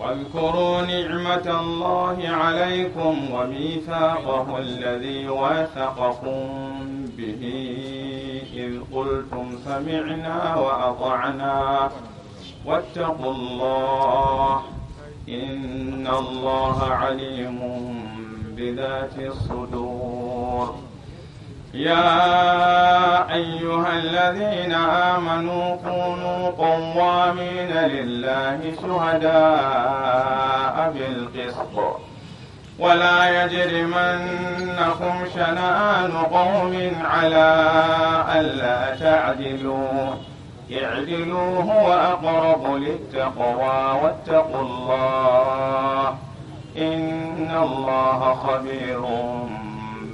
واذكروا نعمة الله عليكم وميثاقه الذي واثقكم به إذ قلتم سمعنا وأطعنا واتقوا الله إن الله عليم بذات الصدور يا أيها الذين آمنوا كونوا قوامين لله شهداء بالقسط ولا يجرمنكم شنآن قوم على ألا تعدلوا اعدلوا هو أقرب للتقوى واتقوا الله إن الله خبير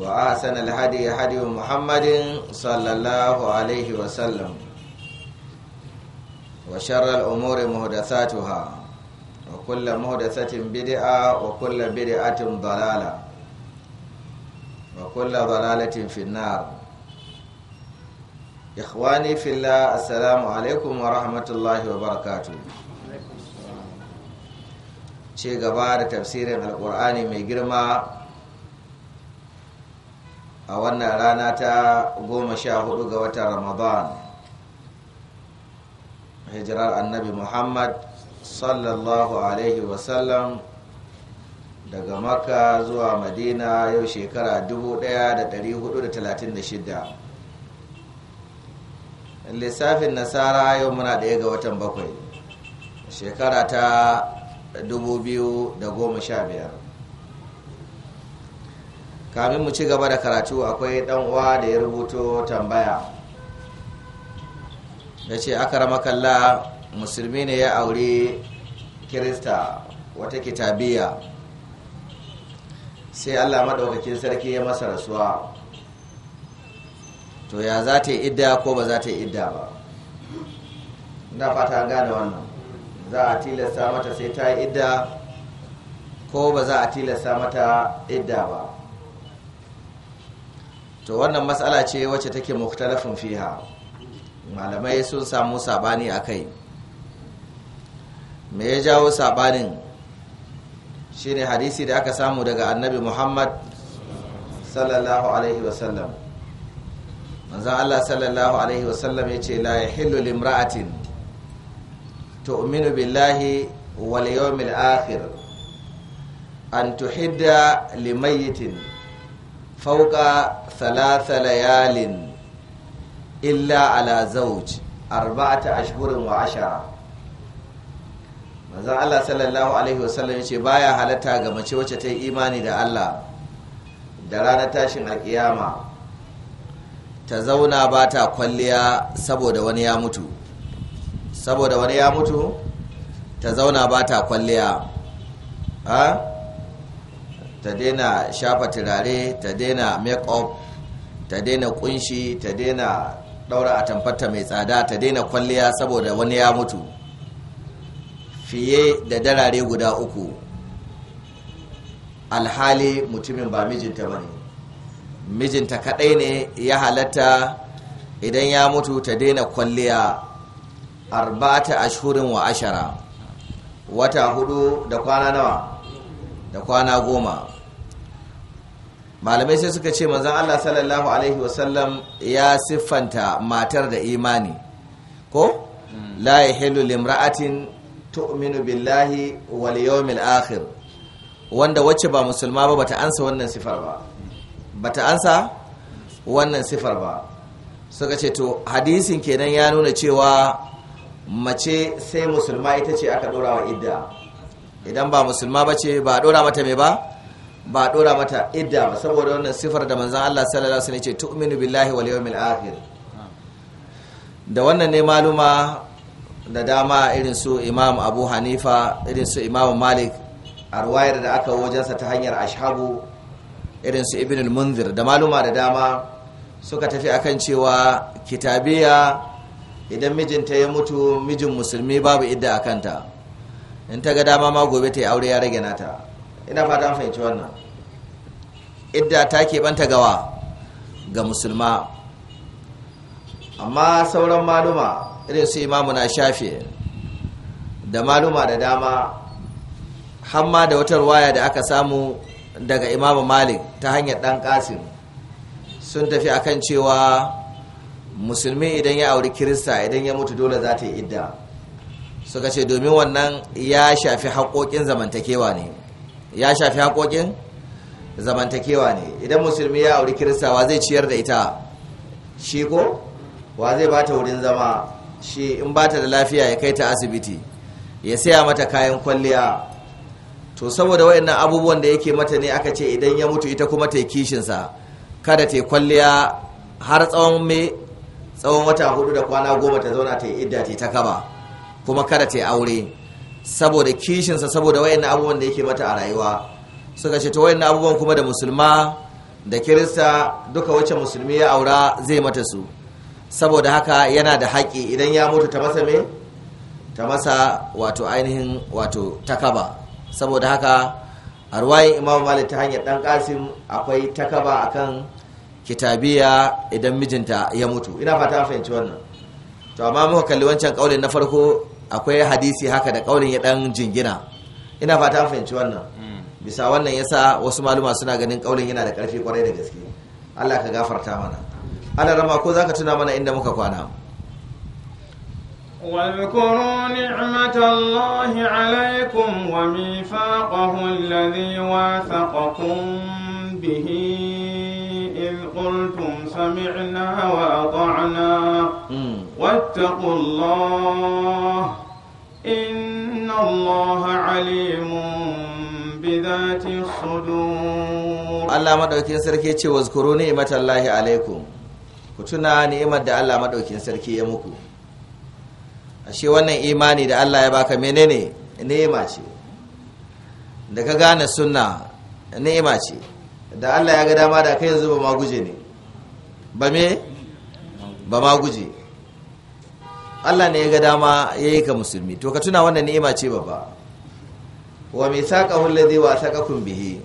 وأحسن الهدي هدي محمد صلى الله عليه وسلم وشر الأمور مهدثاتها وكل مهدثة بدعة وكل بدعة ضلالة وكل ضلالة في النار إخواني في الله السلام عليكم ورحمة الله وبركاته شيء غبار تفسير القرآن من جرمه a wannan rana ta goma sha hudu ga watan ramadan hijirar annabi muhammad sallallahu alaihi wasallam daga makka zuwa madina yau shekara 1436 lissafin nasara yau muna daya ga watan bakwai shekara ta 2015 kamin mu ci gaba da karatu akwai dan uwa da ya rubuto tambaya ya ce kalla musulmi ne ya aure kirista wata kitabiya sai allah maɗaukakin sarki ya masa rasuwa to ya za ta yi idda ko ba za ta yi idda ba na fata gane wannan za a tilasta mata sai ta yi idda ko ba za a tilasta mata idda ba to wannan matsala ce wacce take mukhtalafin fiha malamai sun samu sabani a kai me ya jawo sabanin shine hadisi da aka samu daga annabi muhammad sallallahu alaihi wasallam manzan allah sallallahu alaihi wasallam ya ce la ya hillu limra'atin tu'minu billahi wal yawmil akhir an tuhidda limayitin fauka thalatha layalin illa ala zauj arba'ata ashhurin wa ashara manzo Allah sallallahu alaihi wasallam yace baya halatta ga mace wacce ta yi imani da Allah da ranar tashin alkiyama ta zauna ba ta kwalliya saboda wani ya mutu saboda wani ya mutu ta zauna ba ta kwalliya ha ta daina shafa turare ta daina make-up ta daina kunshi ta daina daura a tamfarta mai tsada ta daina kwalliya saboda wani ya mutu fiye da darare guda uku alhali mutumin ba mijinta ba ne mijinta kaɗai ne ya halatta idan ya mutu ta daina kwalliya arba'ata ashurin wa ashara wata hudu da kwana nawa da kwana goma malamai sai suka ce manzon Allah sallallahu alaihi wasallam ya siffanta matar da imani ko la yahillu limra'atin tu'minu billahi wal yawmil akhir wanda wacce ba musulma ba bata ansa wannan sifar ba bata ansa wannan sifar ba suka ce to hadisin kenan ya nuna cewa mace sai musulma ita ce aka dora wa idda idan ba musulma ba ce ba a dora mata mai ba ba a dora mata idda ba saboda wannan sifar da manzan Allah sallallahu alaihi wasallam ce tu'minu billahi wal yawmil akhir da wannan ne maluma da dama irin su Imam Abu Hanifa irin su Imam Malik arwayar da aka wajensa ta hanyar ashabu irin su Ibn munzir da maluma da dama suka tafi akan cewa kitabiya idan mijinta ya mutu mijin musulmi babu idda a kanta in ta ga dama ma gobe ta yi aure ya rage nata ina fata an fahimci wannan idda ta keɓanta gawa ga musulma amma sauran maluma irin su imamu na shafe da maluma da dama hamma da wata waya da aka samu daga imamu malik ta hanyar ɗan ƙasin sun tafi akan cewa musulmi idan ya auri kirista idan ya mutu dole za ta yi idda suka ce domin wannan ya shafi haƙoƙin zamantakewa ne ya shafi haƙoƙin zamantakewa ne idan musulmi ya auri kirista wa zai ciyar da ita shi ko wa zai ba ta wurin zama shi in ba ta da lafiya ya kai ta asibiti ya saya mata kayan kwalliya to saboda wayannan abubuwan da yake mata ne aka ce idan ya mutu ita kuma ta yi kishinsa kada ta yi kwalliya har tsawon me tsawon wata hudu da kwana goma ta zauna ta yi idda ta kaba kuma kada ta yi aure saboda kishinsa saboda wayannan abubuwan da yake mata a rayuwa suka ce ta wayannan abubuwan kuma da musulma da kirista duka wacce musulmi ya aura zai mata su saboda haka yana da haƙi idan ya mutu ta masa me ta masa wato ainihin wato takaba saboda haka a imam malik ta hanyar dan kasim akwai takaba akan kitabiya idan mijinta ya mutu ina fata fahimci wannan to amma muka kalli wancan kaulin na farko akwai hadisi haka da kaunin ya dan jingina ina fata fahimci wannan mm. bisa wannan yasa wasu maluma suna ganin kaulin yana da karfi kwarai da gaske Allah ka gafarta mana ana rama ko zaka tuna mana inda muka kwana واذكروا نعمة الله عليكم وميثاقه الذي واثقكم به إذ قلتم سمعنا وأطعنا واتقوا الله إن الله عليم بذات الصدور الله مدوكين سركي ce wazkuru ni'matallahi alaikum ku tuna ni'imar Allah madaukin sarki ya muku ashe wannan imani da Allah ya baka menene ni'ima ce da ka gane suna ni'ima ce da Allah ya ga dama da kai yanzu ba ma guje ne ba me ba ma guje Allah ne ya ga dama ya yi ka musulmi to ka tuna wannan ni'ima ce ba ba wa mai saƙahun zai wa saƙa bihi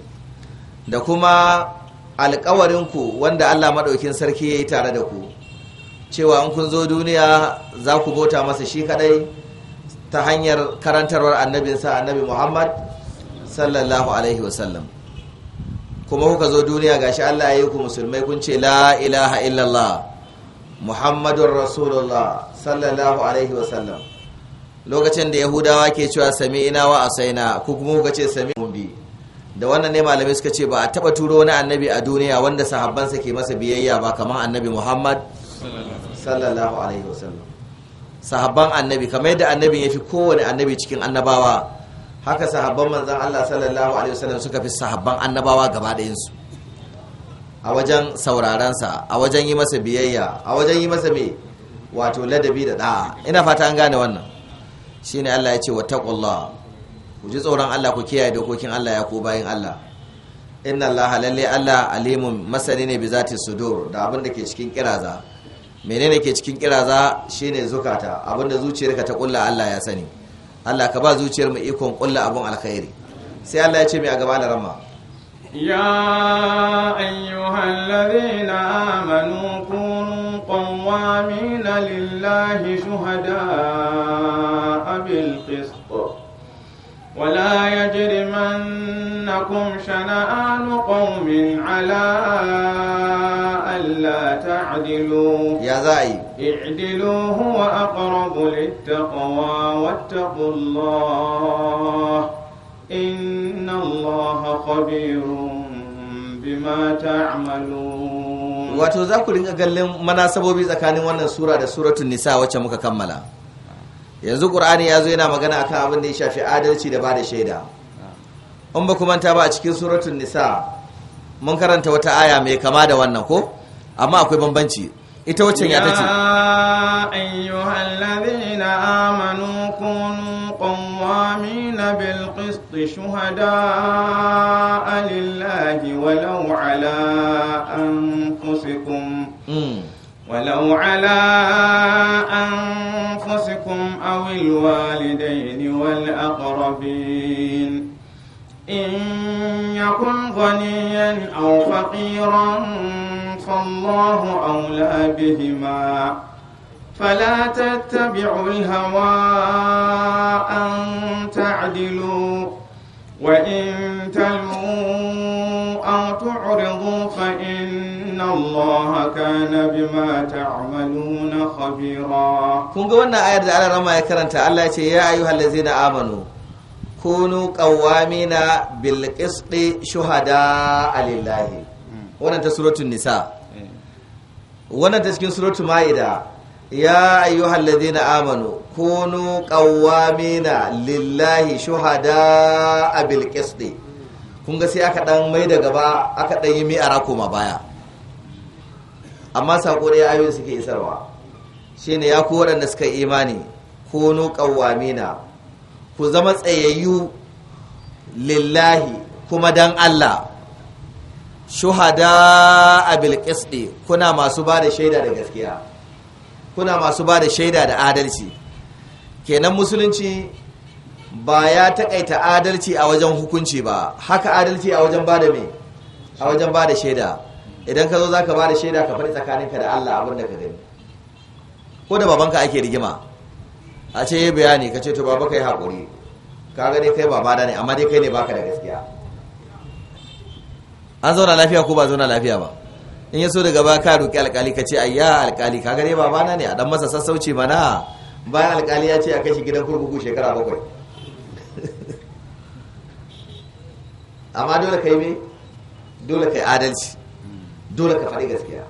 da kuma alƙawarinku wanda Allah maɗaukin sarki ya yi tare da ku cewa in kun zo duniya za ku bauta masa shi kaɗai ta hanyar karantarwar annabinsa annabi Muhammad sallallahu alaihi wasallam kuma kuka zo duniya gashi Allah ya yi ku musulmai kun ce la ilaha illallah Muhammadun Rasulullah sallallahu alaihi wasallam lokacin da yahudawa ke cewa sami ina wa asaina ko kuma kuka ce sami mumbi da wannan ne malamai suka ce ba a taba turo wani annabi a duniya wanda sahabbansa ke masa biyayya ba kamar annabi muhammad sallallahu alaihi wasallam sahabban annabi kamar yadda annabi ya fi kowane annabi cikin annabawa haka sahabban manzan allah sallallahu alaihi wasallam suka fi sahabban annabawa gaba ɗayansu a wajen saurarensa a wajen yi masa biyayya a wajen yi masa mai wato ladabi da da'a ina fata an gane wannan shine Allah ya ce wa taqullah ku ji tsoron Allah ku kiyaye dokokin Allah ya ko bayin Allah inna Allah lalle Allah alimun masani ne bi zati sudur da abin da ke cikin kiraza menene ke cikin kiraza shine zukata abin zuciyar zuciyarka ta kulla Allah ya sani Allah ka ba zuciyar mu ikon kulla abun alkhairi sai Allah ya ce mai a gaba da rama يا أيها الذين آمنوا كونوا قوامين لله شهداء بالقسط ولا يجرمنكم شنآن قوم على ألا تعدلوا يا ذاي اعدلوا هو أقرب للتقوى واتقوا الله إن الله خبير بما تعملون wato za ku rinka gallin manasabobi tsakanin wannan sura da suratun nisa wacce muka kammala yanzu ƙur'ani ya zo yana magana akan abin da ya shafi adalci da ba da shaida in ba manta ba a cikin suratun nisa mun karanta wata aya mai kama da wannan ko amma akwai bambanci ita waccan ya tace ya ayyuhal ladina amanu kunu qawwamina bil qist shuhada'a lillahi walau ala anfusikum ولو على أنفسكم أو الوالدين والأقربين إن يكن غنيا أو فقيرا فالله أولى بهما فلا تتبعوا الهوى أن تعدلوا وإن تلووا أو تعرضوا فإن الله كان بما تعملون خبيرا كون قولنا آية على رما يكرنت الله يا أيها الذين آمنوا كونوا قوامين بالقسط شهداء لله وننت سورة النساء wannan ta cikin suratul ma'ida ya ayyuhal ladina amanu kunu qawwamina lillahi shuhada bil qisti kun ga sai aka dan mai da gaba aka dan yi mi'ara koma baya amma sako da ayoyin suke isarwa shine ya ku waɗanda suka imani kunu qawwamina ku zama tsayayyu lillahi kuma dan Allah shuhada abil qisti kuna masu ba da shaida da gaskiya kuna masu ba da shaida da adalci kenan musulunci ba ya taƙaita adalci a wajen hukunci ba haka adalci a wajen bada me a wajen da shaida idan ka zo za zaka bada shaida ka faɗi tsakaninka da Allah abin da ka gani ko da babanka ake rigima a ce yi bayani ka ce to baba yi haƙuri. ka ga kai baba da ne amma dai kai ne baka da gaskiya an zauna lafiya ko ba zauna lafiya ba in yaso daga ba ka roki alkali ka ce ayya alkali kaga dai babana ne a dan masa sassauci mana bayan alkali ya ce a kashi gidan kurkuku shekara bakwai amma dole kai me dole kai adalci dole ka faɗi gaskiya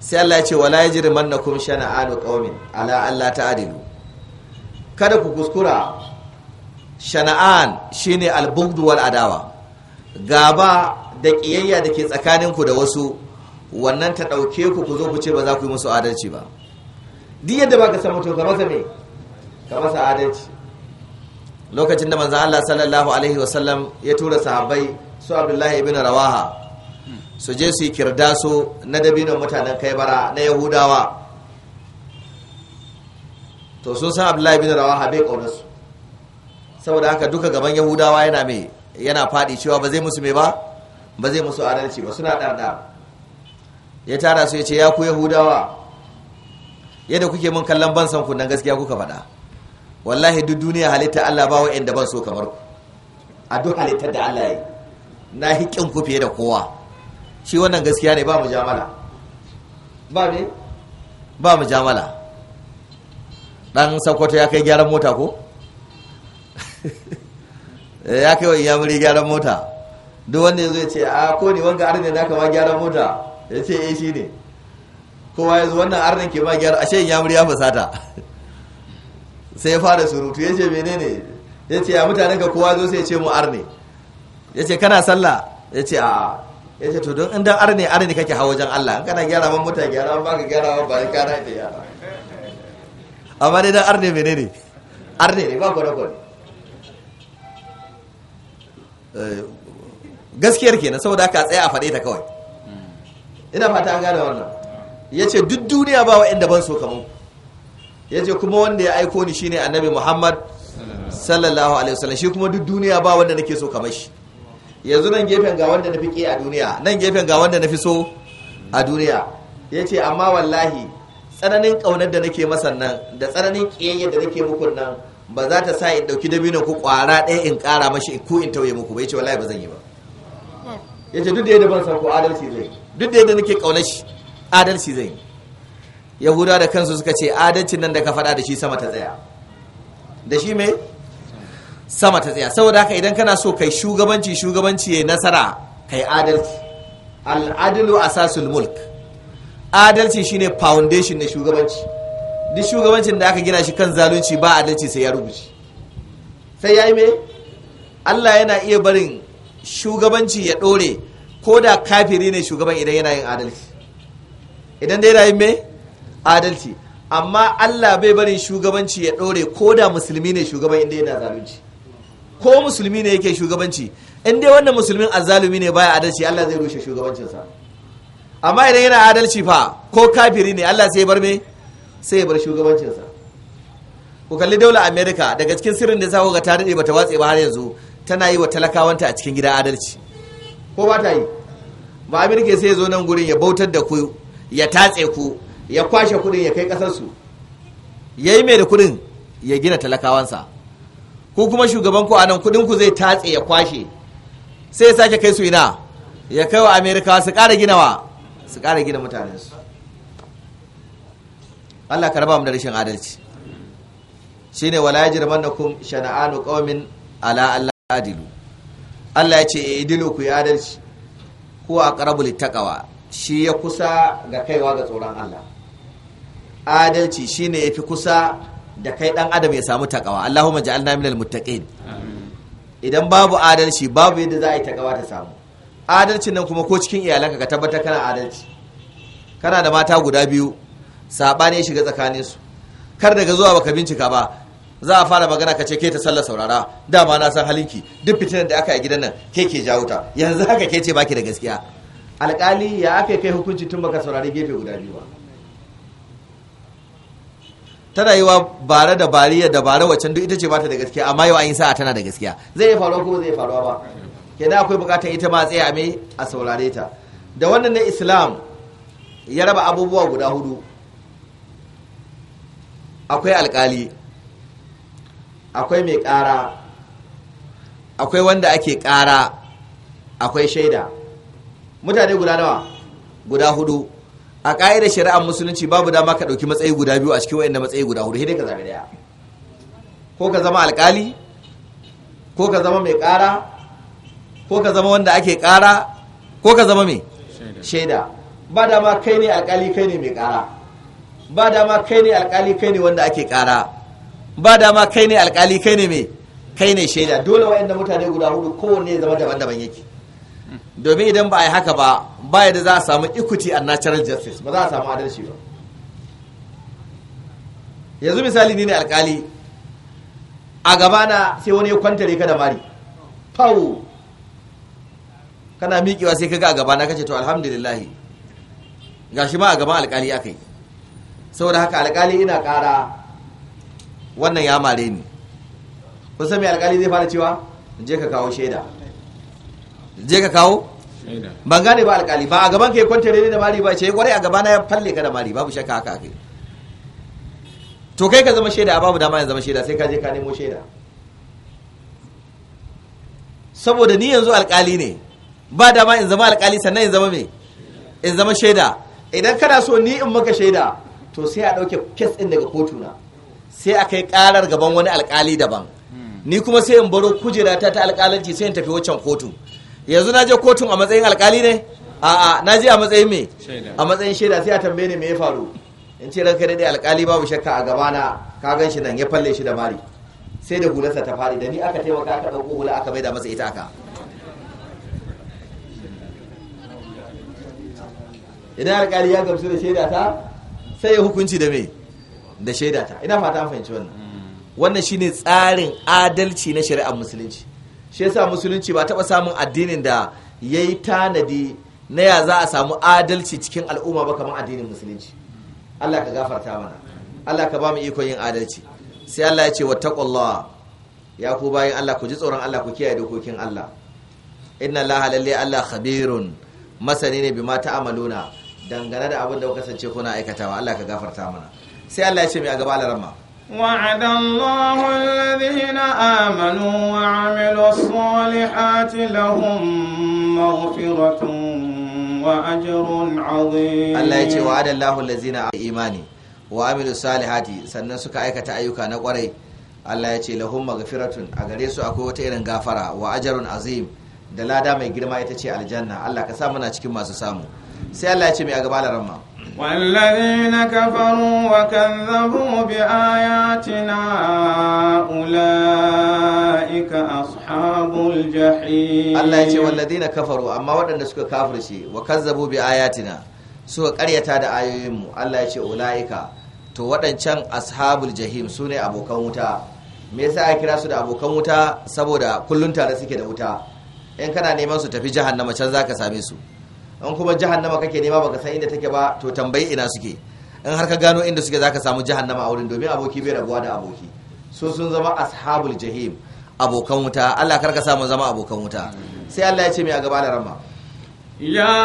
sai Allah ya ce wala shana shana'anu qaumin ala Allah ta'dilu kada ku kuskura shana'an shine al wal adawa gaba da ƙiyayya da ke tsakaninku da wasu wannan ta ɗauke ku ku zo ku ce ba za ku yi musu adalci ba duk yadda ba ka san mutum ka masa me ka masa adalci lokacin da manzo Allah sallallahu alaihi Sallam ya tura sahabbai su Abdullahi ibn Rawaha su je su yi su na dabinon mutanen Kaibara na Yahudawa to sun san Abdullahi ibn Rawaha bai kaunarsu saboda haka duka gaban Yahudawa yana mai yana faɗi cewa ba zai musu mai ba ba zai musu adalci ba suna ɗarɗa ya tara su ya ce ya ku yahudawa yadda kuke mun kallon ban san kunnan gaskiya kuka faɗa wallahi duk duniya halitta Allah ba wa'in da ban so kamar ku a duk halittar da Allah ya yi na hikin ku fiye da kowa shi wannan gaskiya ne ba mu jamala ba ne ba mu jamala dan sakwato ya kai gyaran mota ko Eh, ya kai wa muri gyaran mota duk wanda ya ce a ko ne wanga arne da ka ma gyaran mota ya ce eh shi ne kowa ya zo wannan arnin ke ma gyara ashe muri ya fasata sai ya fara surutu ya ce menene ya ce ya mutanen ka kowa zo sai ya ce mu arne ya ce kana sallah ya ce a'a ya ce to don in dan arne arne kake hawa wajen Allah in kana gyara man mota gyara ba ka gyara ba ka gyara amma dai dan arne menene arne ne ba kwanakwani gaskiyar kenan saboda ka tsaya a faɗe ta kawai ina fata an gane wannan ya ce duk duniya ba inda ban so kamar ya ce kuma wanda ya aiko ni shine annabi muhammad sallallahu alaihi wasallam shi kuma duk duniya ba wanda nake so kamar shi yanzu nan gefen ga wanda nafi ke a duniya nan gefen ga wanda nafi so a duniya ya ce amma wallahi tsananin kaunar da nake masa nan da tsananin ƙiyayyar da nake muku nan ba za ta sa in dauki dabino ku kwara ɗaya in ƙara mashi ko in tauye muku bai ce wallahi ba zan yi ba yace duk da yadda ban san ko adalci zai duk da yadda nake kauna shi adalci zai yahuda da kansu suka ce adalcin nan da ka faɗa da shi sama ta tsaya da shi me sama ta tsaya saboda haka idan kana so kai shugabanci shugabanci ya nasara kai adalci al'adlu asasul mulk adalci shine foundation na shugabanci duk shugabancin da aka gina shi kan zalunci ba adalci sai ya rubuce sai ya yi mai Allah yana iya barin shugabanci ya ɗore ko da kafiri ne shugaban idan yana yin adalci idan dai yana yin mai adalci amma Allah bai barin shugabanci ya ɗore ko da musulmi ne shugaban inda yana zalunci ko musulmi ne yake shugabanci in dai wannan musulmin azalumi ne baya adalci Allah zai rushe shugabancinsa amma idan yana adalci fa ko kafiri ne Allah sai bar mai. sai ya bar shugabancinsa ku kalli daula america daga cikin sirrin da za ku ga ta daɗe bata watse ba har yanzu tana yi wa talakawanta a cikin gida adalci ko ba ta yi ba america sai ya zo nan gurin ya bautar da ku ya tatse ku ya kwashe kudin ya kai kasarsu ya yi mai da kudin ya gina talakawansa ku kuma shugaban ku a nan kuɗin ku zai tatse ya kwashe sai ya sake kai su ina ya kai wa america su ƙara ginawa su ƙara gina mutanensu Allah ka raba mu da rashin adalci shine wala yajrimannakum shana'anu qaumin ala alla adilu Allah ya ce eh, idilu ku yi adalci ko aqrabu littaqwa shi ya kusa ga kaiwa ga tsoron Allah adalci shine yafi kusa da kai dan adam ya samu takawa Allahumma ja'alna minal muttaqin idan babu adalci babu yadda za a yi takawa ta samu adalcin nan kuma ko cikin iyalanka ka tabbatar kana adalci kana da mata guda biyu sabani ya shiga tsakanin su kar daga zuwa baka bincika ba za a fara magana ka ce ke ta sallar saurara dama na san halinki duk fitinar da aka yi gidan nan ke ke jawo ta yanzu haka ke ce baki da gaskiya alƙali ya aka kai hukunci tun baka saurari gefe guda biyu ba tana yi wa bare da bariya da bare duk ita ce bata da gaskiya amma yau an yi sa'a tana da gaskiya zai iya faruwa ko zai faruwa ba kenan akwai bukatar ita ma tsaye a mai a saurare ta da wannan na islam ya raba abubuwa guda hudu akwai alkali akwai mai ƙara akwai wanda ake ƙara akwai shaida mutane guda nawa guda hudu a ƙa'idar shari'ar musulunci babu dama ka ɗauki matsayi guda biyu a cikin wa'in matsayi guda hudu hidai ka zaɓi daya ko ka zama alƙali ko ka zama mai ƙara ko ka zama wanda ake ƙara ko ka zama mai shaida ba dama kai ne alƙali kai ne mai ƙara ba dama kai ne alkali kai ne wanda ake kara ba dama kai ne alkali kai ne mai kai ne shaida dole wa wa'anda mutane guda hudu kowanne zama daban-daban yake domin idan ba a yi haka ba ba yadda za a samu equity and natural justice ba za a samu adalci ba yanzu misali ni ne alkali a gabana sai wani ya kwanta ka da mari fawo kana miƙewa sai ka ga a gabana kace to alhamdulillahi gashi ma a gaban alkali aka yi saboda haka alkali ina kara wannan ya mare ni kusan mai alkali zai fara cewa je ka kawo shaida je ka kawo ban gane ba alkali ba a gaban ka ya kwanta ne da mari ba ce eh, kwarai a gabana ya falle ka da mari babu shakka haka kai to kai ka zama shaida babu dama ya zama shaida sai ka je ka nemo shaida saboda ni yanzu alkali ne ba dama in zama alkali sannan in zama me in zama shaida idan kana so ni in maka shaida to sai a ɗauke fes ɗin daga kotuna sai a kai ƙarar gaban wani alƙali daban ni kuma sai in baro kujera ta ta alƙalanci sai in tafi waccan kotu yanzu na je kotun a matsayin alƙali ne a'a na je a matsayin me a matsayin shaida sai a tambaye ni me ya faru in ce ranka dai alƙali babu shakka a gabana ka gan shi nan ya falle shi da mari sai da hularsa ta fari da ni aka taimaka aka ɗauko hula aka maida masa ita aka idan alƙali ya gamsu da shaida ta sai ya hukunci da me da shaida ta ina fata an fahimci wannan wannan shine tsarin adalci na shari'ar musulunci shi yasa musulunci ba taba samun addinin da yayi tanadi na ya za a samu adalci cikin al'umma ba kamar addinin musulunci Allah ka gafarta mana Allah ka ba mu ikon yin adalci sai Allah ya ce wattaqullaha ya ku bayin Allah ku ji tsoron Allah ku kiyaye dokokin Allah inna Allah lalle Allah khabirun masani ne bima ta'amaluna dangane da abin da kasance kuna aikatawa Allah ka gafarta mana sai Allah ya ce mai a gaba alarma وعد الله الذين آمنوا وعملوا الصالحات لهم azim. Allah ya ce يجي وعد الله الذين إيماني وعملوا الصالحات sannan suka aikata ayyuka na kwarai Allah ya ce lahum maghfiratun a gare su akwai wata irin gafara wa ajrun azim da lada mai girma ita ce aljanna Allah ka sa muna cikin masu samu sai Allah ya ce mai a gaba laran kafaru Allah ya ce kafaru amma waɗanda suka kafirce wa kadhabu bi ayatina suka karyata da ayoyin mu Allah ya ce ulaika to waɗancan ashabul jahim ne abokan wuta me yasa a kira su da abokan wuta saboda kullun tare suke da wuta in kana neman su tafi jahannama can zaka same su in kuma jahannama kake nema baka san inda take ba to tambayi ina suke in har ka gano inda suke zaka samu jahannama a wurin domin aboki bai rabuwa da aboki so sun zama ashabul jahim abokan wuta Allah karka sa mu zama abokan wuta sai Allah ya ce mai a gaba da ramma يا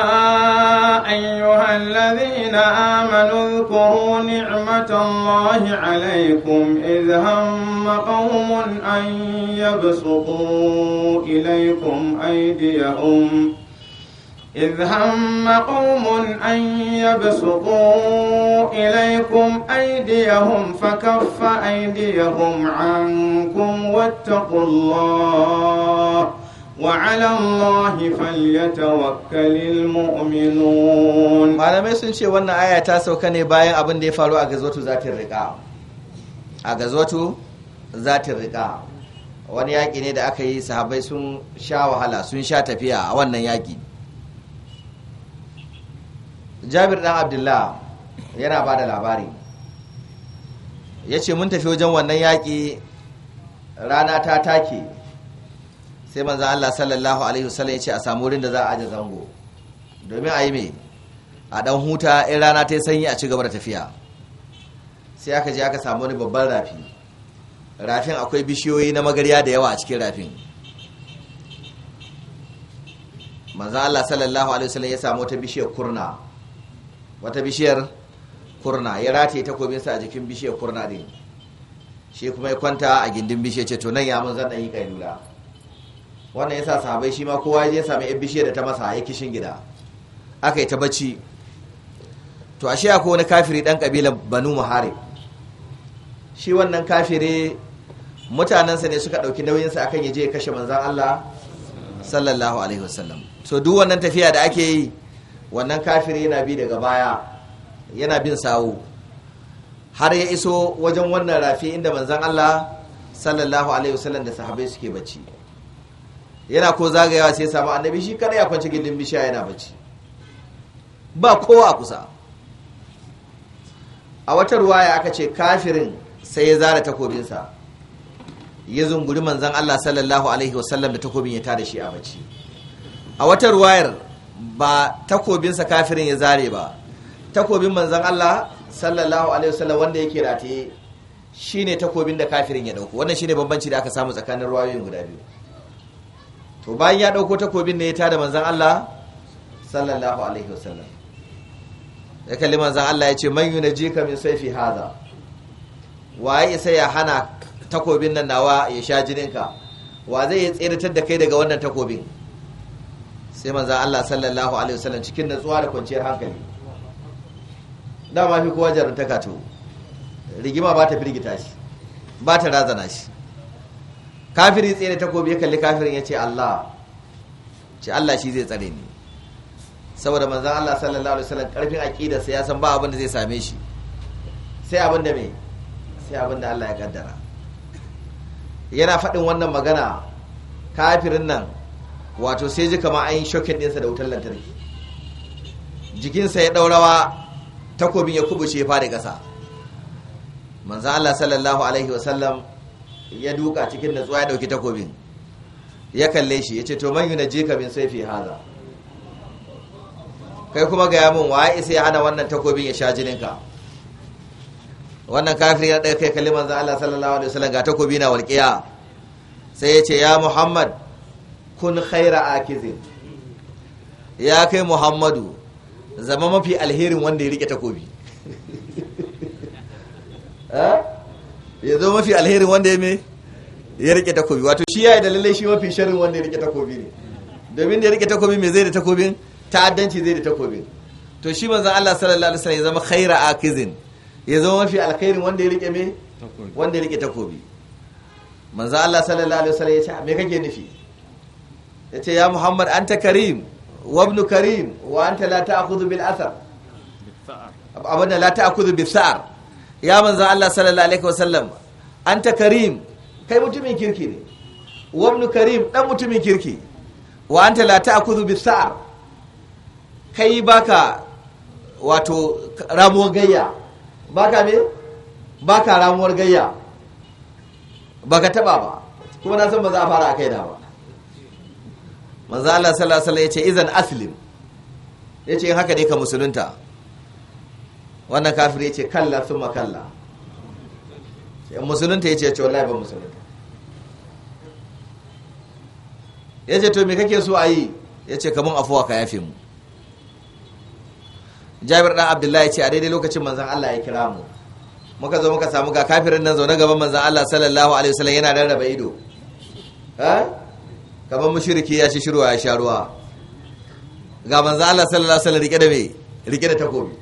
أيها الذين آمنوا اذكروا نعمة الله عليكم إذ هم قوم أن يبسطوا إليكم أيديهم إذ هم قوم أن يبسطوا إليكم أيديهم فكف أيديهم عنكم واتقوا الله وعلى الله فليتوكل المؤمنون malamai sun ce wannan aya ta sauka ne bayan abin da ya faru a gazwatu zatin riqa a gazwatu zatin riqa wani yaƙi ne da aka yi sahabbai sun sha wahala sun sha tafiya a wannan yaƙi jabir dan abdullah yana ba da labari ya ce mun tafi wajen wannan yaƙi rana ta take sai manzan allah sallallahu alaihi wasallam ya ce a samu wurin da za a aje zango domin a yi mai a ɗan huta in rana ta yi sanyi a ci gaba da tafiya sai aka je aka samu wani babban rafi rafin akwai bishiyoyi na magarya da yawa a cikin rafin manzan allah sallallahu alaihi wasallam ya samu wata bishiyar kurna wata bishiyar kurna ya rataye takobinsa a jikin bishiyar kurna din shi kuma ya kwanta a gindin bishiyar ce to nan ya mun zan yi kailula wannan yasa sahabai shi ma kowa ya je sami yan bishiyar da ta masa ya kishin gida aka yi ta bacci to ashe akwai wani kafiri dan kabilar banu muhari shi wannan kafiri mutanensa ne suka ɗauki nauyinsa akan ya je ya kashe manzan Allah sallallahu alaihi wasallam so duk wannan tafiya da ake yi wannan kafiri yana bi daga baya yana bin sawu har ya iso wajen wannan rafi inda manzan Allah sallallahu alaihi wasallam da sahabai suke bacci yana ko zagayawa sai samu annabi shi kada ya kwanci gindin bishiya yana bacci ba kowa a kusa a wata ruwaya aka ce kafirin sai ya zara takobinsa ya zunguri manzan Allah sallallahu alaihi wasallam da takobin ya tada shi a bacci a wata ruwayar ba takobinsa kafirin ya zare ba takobin manzan Allah sallallahu alaihi wasallam wanda yake rataye shine takobin da kafirin ya dauko wannan shine bambanci da aka samu tsakanin ruwayoyin guda biyu to bayan ya dauko takobin ne ya tada manzan Allah sallallahu alaihi wasallam ya kalli manzan Allah ya ce man yunajika min sayfi hadha waye isa ya hana takobin nan nawa ya sha jininka wa zai tsiratar da kai daga wannan takobin sai manzan Allah sallallahu alaihi wasallam cikin natsuwa da kwanciyar hankali dama fi kowa jarumtaka to rigima ba ta firgita shi ba ta razana shi kafiri tsaye da takobi ya kalli kafirin ya ce Allah ce Allah shi zai tsare ni saboda manzan Allah sallallahu alaihi wasallam karfin sai ya san ba abin da zai same shi sai abin da me sai abin da Allah ya kaddara yana faɗin wannan magana kafirin nan wato sai ji kama an yi shokin ɗinsa da wutar lantarki jikinsa ya ɗaurawa takobin ya kubuce fara ƙasa manzan Allah sallallahu Alaihi wasallam ya duka cikin da ya ɗauki takobin ya kalle shi ya ce to man yi na jika min fi haza kai kuma ga yamin wa ya isa ya hana wannan takobin ya sha jininka wannan kafin ya ɗaya kai kalli manzan Allah sallallahu Alaihi wasallam ga takobi na walƙiya sai ya ce ya muhammad kun khaira akizin ya kai muhammadu zama mafi alherin wanda ya rike takobi eh? ya zo mafi alherin wanda ya me ya rike takobi wato shi ya yi dalilai shi mafi sharin wanda ya rike takobi ne domin da ya rike takobi mai zai da takobin ta'addanci zai da takobin to shi manzon Allah sallallahu alaihi wasallam ya zama khaira akizin ya zama mafi alkhairin wanda ya rike me wanda ya rike takobi manzon Allah sallallahu alaihi wasallam ya ce me kake nufi ya ce ya muhammad an ta karim wabnu karim wa an ta la kudu bil asar, athar abinda la ta'khudhu bis sa'ar ya manzo Allah sallallahu alaihi wasallam an ta karim kai mutumin kirki ne wabnu karim dan mutumin kirki wa an ta la ta'khudhu bis sa'ar kai baka wato ramuwar gayya baka me baka ramuwar gayya baka taba ba kuma na san ba za a fara a kai da ba manzo Allah sallallahu alaihi wasallam yace idan aslim yace haka dai ka musulunta wannan kafir yace kalla thumma kalla sai musulunta yace ce wallahi ba musulunta yace to me kake so ayi yace kaman afuwa ka yafe mu Jabir dan Abdullahi yace a daidai lokacin manzon Allah ya kira mu muka zo muka samu ga kafirin nan zaune gaban manzon Allah sallallahu alaihi wasallam yana rarraba ido ha kamar mashiriki ya ce shirwa ya sha ruwa ga manzo Allah sallallahu alaihi wasallam rike da mai rike da takobi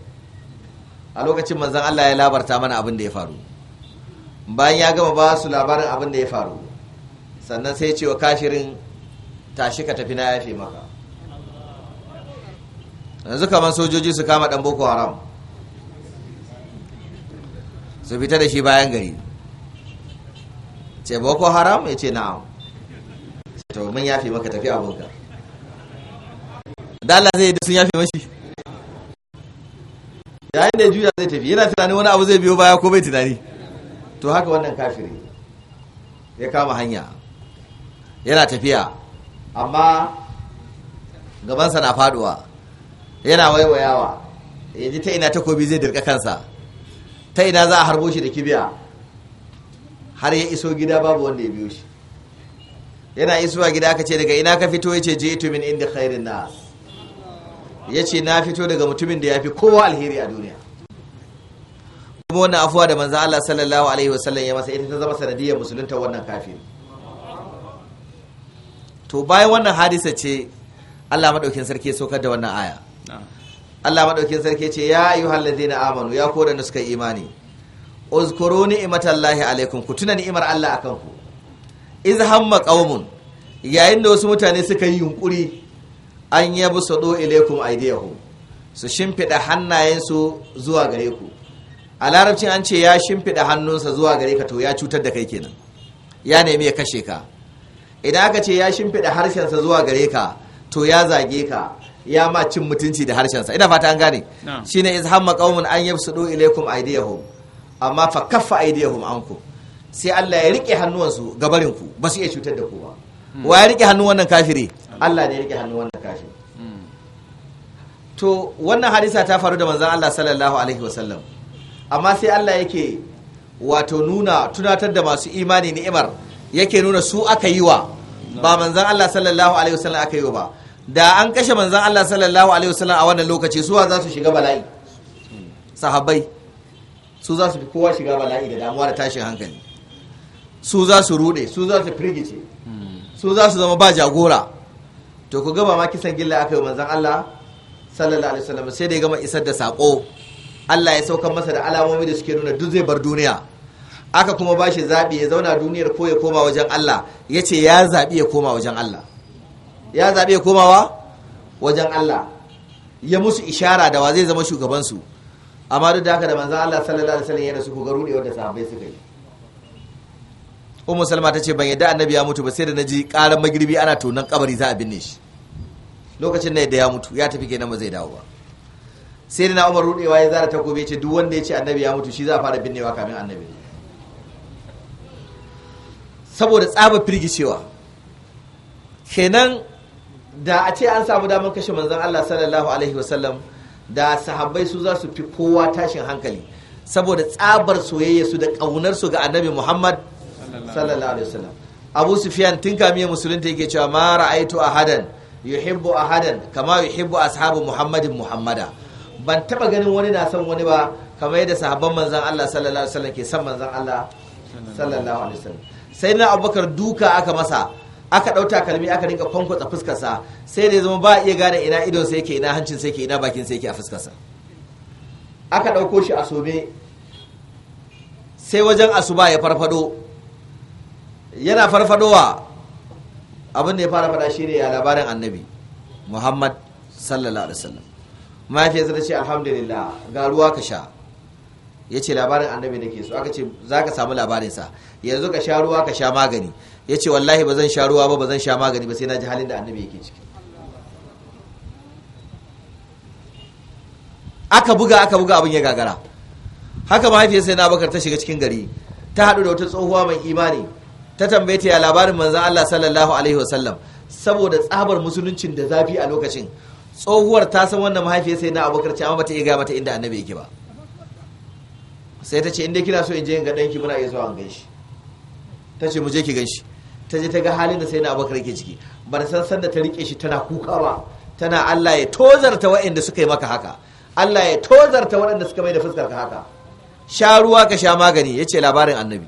a lokacin manzan Allah ya labarta mana abin da ya faru bayan ya gama ba su labarin abin da ya faru sannan sai ce wa kashirin tashi ka tafi na yafe maka yanzu kamar sojoji su kama ɗan boko haram su fita da shi bayan gari ce boko haram ya ce na'am to mun yafe maka tafi abunka da Allah zai da sun yafe mashi yayin da juya zai tafi yana tunanin wani abu zai biyo baya ko bai tunani to haka wannan kafiri ya kama hanya yana tafiya amma gabansa na faduwa yana waiwayawa ya ji ta ina takobi zai dirka kansa ta ina za a harbo shi da kibiya har ya iso gida babu wanda ya biyo shi yana isuwa gida aka ce daga ina ka fito ya ce je min inda khairin Ya ce na fito daga mutumin da ya fi kowa alheri a duniya kuma wannan afuwa da manzan Allah sallallahu alaihi wasallam ya masa ita ta zama sanadiyar musulunta wannan kafin. to bayan wannan hadisa ce Allah madaukin sarki ya saukar da wannan aya Allah madaukin sarki ce ya ayyuhal ladina amanu ya ko da suka imani uzkuru ni'matallahi alaikum ku tuna ni'imar Allah akan ku izhamma hamma qaumun yayin da wasu mutane suka yi yunkuri an yabu sado ilaikum aydiyahum su shimfida hannayensu zuwa gare ku a larabcin an ce ya shimfida hannunsa zuwa gare ka to ya cutar da kai kenan ya nemi ya kashe ka idan aka ce ya shimfida sa zuwa gare ka to ya zage ka ya ma cin mutunci da harshen sa. ina fata an gane shine izhamma hamma qaumun an sado ilaikum aydiyahum amma fa kaffa aydiyahum ankum sai Allah ya rike hannuwansu gabarin ku ba su iya cutar da ku ba wa ya rike hannun wannan kafiri Allah ne ya rike hannun wannan kafiri to wannan hadisa ta faru da manzon Allah sallallahu alaihi wa sallam- amma sai Allah yake wato nuna tunatar da masu imani ni'imar yake nuna su aka yi wa ba manzon Allah sallallahu alaihi wa sallam- aka yi ba da an kashe manzon Allah sallallahu alaihi wa sallam- a wannan lokaci suwa za su shiga bala'i sahabbai su za su fi kowa shiga bala'i da damuwa da tashin hankali su za su rude su za su firgice su za su zama ba jagora to ku gaba ma kisan gilla aka yi manzan Allah sallallahu alaihi wasallam sai da ya gama isar da sako Allah ya saukar masa da alamomi da suke nuna duk zai bar duniya aka kuma ba shi zaɓi ya zauna duniyar ko ya koma wajen Allah ya ce ya zaɓi ya koma wajen Allah ya zabi ya komawa wajen Allah ya musu ishara da wa zai zama shugabansu amma duk da haka da manzan Allah sallallahu alaihi wasallam ya rasu ku ga rudewar da sahabbai suka yi ummu salma ta ce ban yadda annabi ya mutu ba sai da na ji karan magirbi ana tonan kabari za a binne shi lokacin na yadda ya mutu ya tafi kenan ba zai dawo ba sai da na umar rudewa ya zara takobi ya ce duk wanda ya ce annabi ya mutu shi za a fara binnewa kamin annabi saboda tsaba firgicewa kenan da a ce an samu damar kashe manzan Allah sallallahu alaihi wasallam da sahabbai su za su fi kowa tashin hankali saboda tsabar soyayya su da ƙaunar su ga annabi Muhammad sallallahu alaihi wasallam abu sufyan tun kamiya musulunta yake cewa ma ra'aitu ahadan yuhibbu ahadan kama yuhibbu ashabu muhammadin muhammada ban taba ganin wani na son wani ba kamar yadda sahabban manzon Allah sallallahu alaihi wasallam ke son manzon Allah sallallahu alaihi wasallam sai na abubakar duka aka masa aka ɗau takalmi aka rinka kwankwatsa fuskarsa sai da ya zama ba a iya gane ina idon sai yake ina hancin sai yake ina bakin sai yake a fuskarsa aka ɗauko shi a sobe sai wajen asuba ya farfado yana farfadowa abin da ya fara fada ne a labarin annabi muhammad sallallahu alaihi wasallam mahaifiyarsa ta ce alhamdulillah ga ruwa ka sha ya ce labarin annabi da ke so aka ce za ka samu labarinsa yanzu ka sha ruwa ka sha magani ya ce wallahi ba zan sha ruwa ba ba zan sha magani ba sai na ji halin da annabi yake ciki aka buga aka buga abin ya gagara haka mahaifiyarsa na bakar ta shiga cikin gari ta haɗu da wata tsohuwa mai imani ta tambaye ta ya labarin manzan Allah sallallahu alaihi wasallam saboda tsabar musuluncin da zafi a lokacin tsohuwar ta san wannan mahaifiyar sai na abokar ce amma bata iya gaya mata inda annabi yake ba sai ta ce inda kina so in je in ga danki muna iya zuwa an ganshi ta ce mu je ki ganshi ta je ta ga halin da sai na abokar yake ciki ba da san san da ta rike shi tana kuka ba tana Allah ya tozarta waɗanda suka yi maka haka Allah ya tozarta waɗanda suka mai da fuskar ka haka sha ruwa ka sha magani yace labarin annabi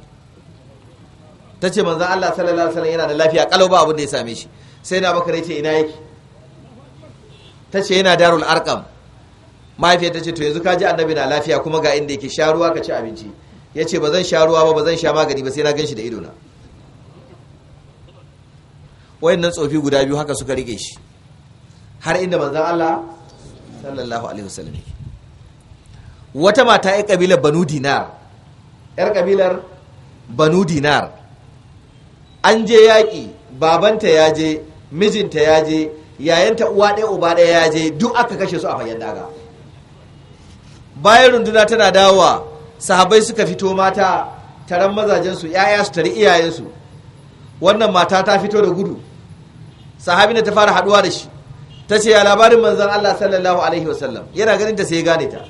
ta ce manzan Allah sallallahu alaihi wasallam yana da lafiya kalau ba abin da ya same shi sai na bakar ce ina yake ta ce yana darul arkam mahaifiyar ta ce to yanzu ka ji annabi na lafiya kuma ga inda yake sha ruwa ka ci abinci ya ce ba zan sha ruwa ba ba zan sha magani ba sai na gan shi da idona wayannan tsofi guda biyu haka suka rike shi har inda manzan Allah sallallahu alaihi wasallam wata mata ya kabilar banu dinar yar kabilar banu dinar an je yaƙi babanta ya je mijinta ya je yayanta uwa ɗaya uba ɗaya ya je duk aka kashe su a fagen daga bayan runduna tana dawowa sahabai suka fito mata taron mazajensu yaya su tari iyayensu wannan mata ta fito da gudu sahabi da ta fara haduwa da shi ta ce ya labarin manzan Allah sallallahu alaihi wasallam yana ganin ta sai gane ta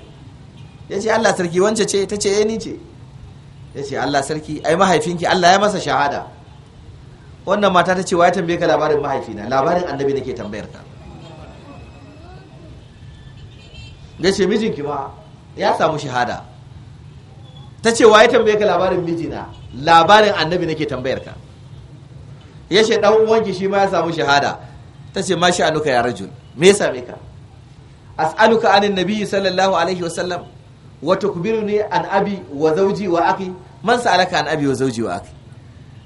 ya ce Allah sarki wance ce ta ce eh, ni ce ya ce Allah sarki ai mahaifinki Allah ya masa shahada wannan mata ta ce wa ya tambaye ka labarin mahaifina labarin annabi nake tambayar ta da ce mijinki ma ya samu shahada ta ce wa ya tambaye ka labarin mijina labarin annabi nake tambayar ka ya ce dan uwanki shi ma ya samu shahada ta ce ma sha'anuka ya rajul me ya same ka as'aluka anin nabiyyi sallallahu alaihi wasallam wa tukbiruni an abi wa zawji wa aki man sa'alaka an abi wa zawji wa aki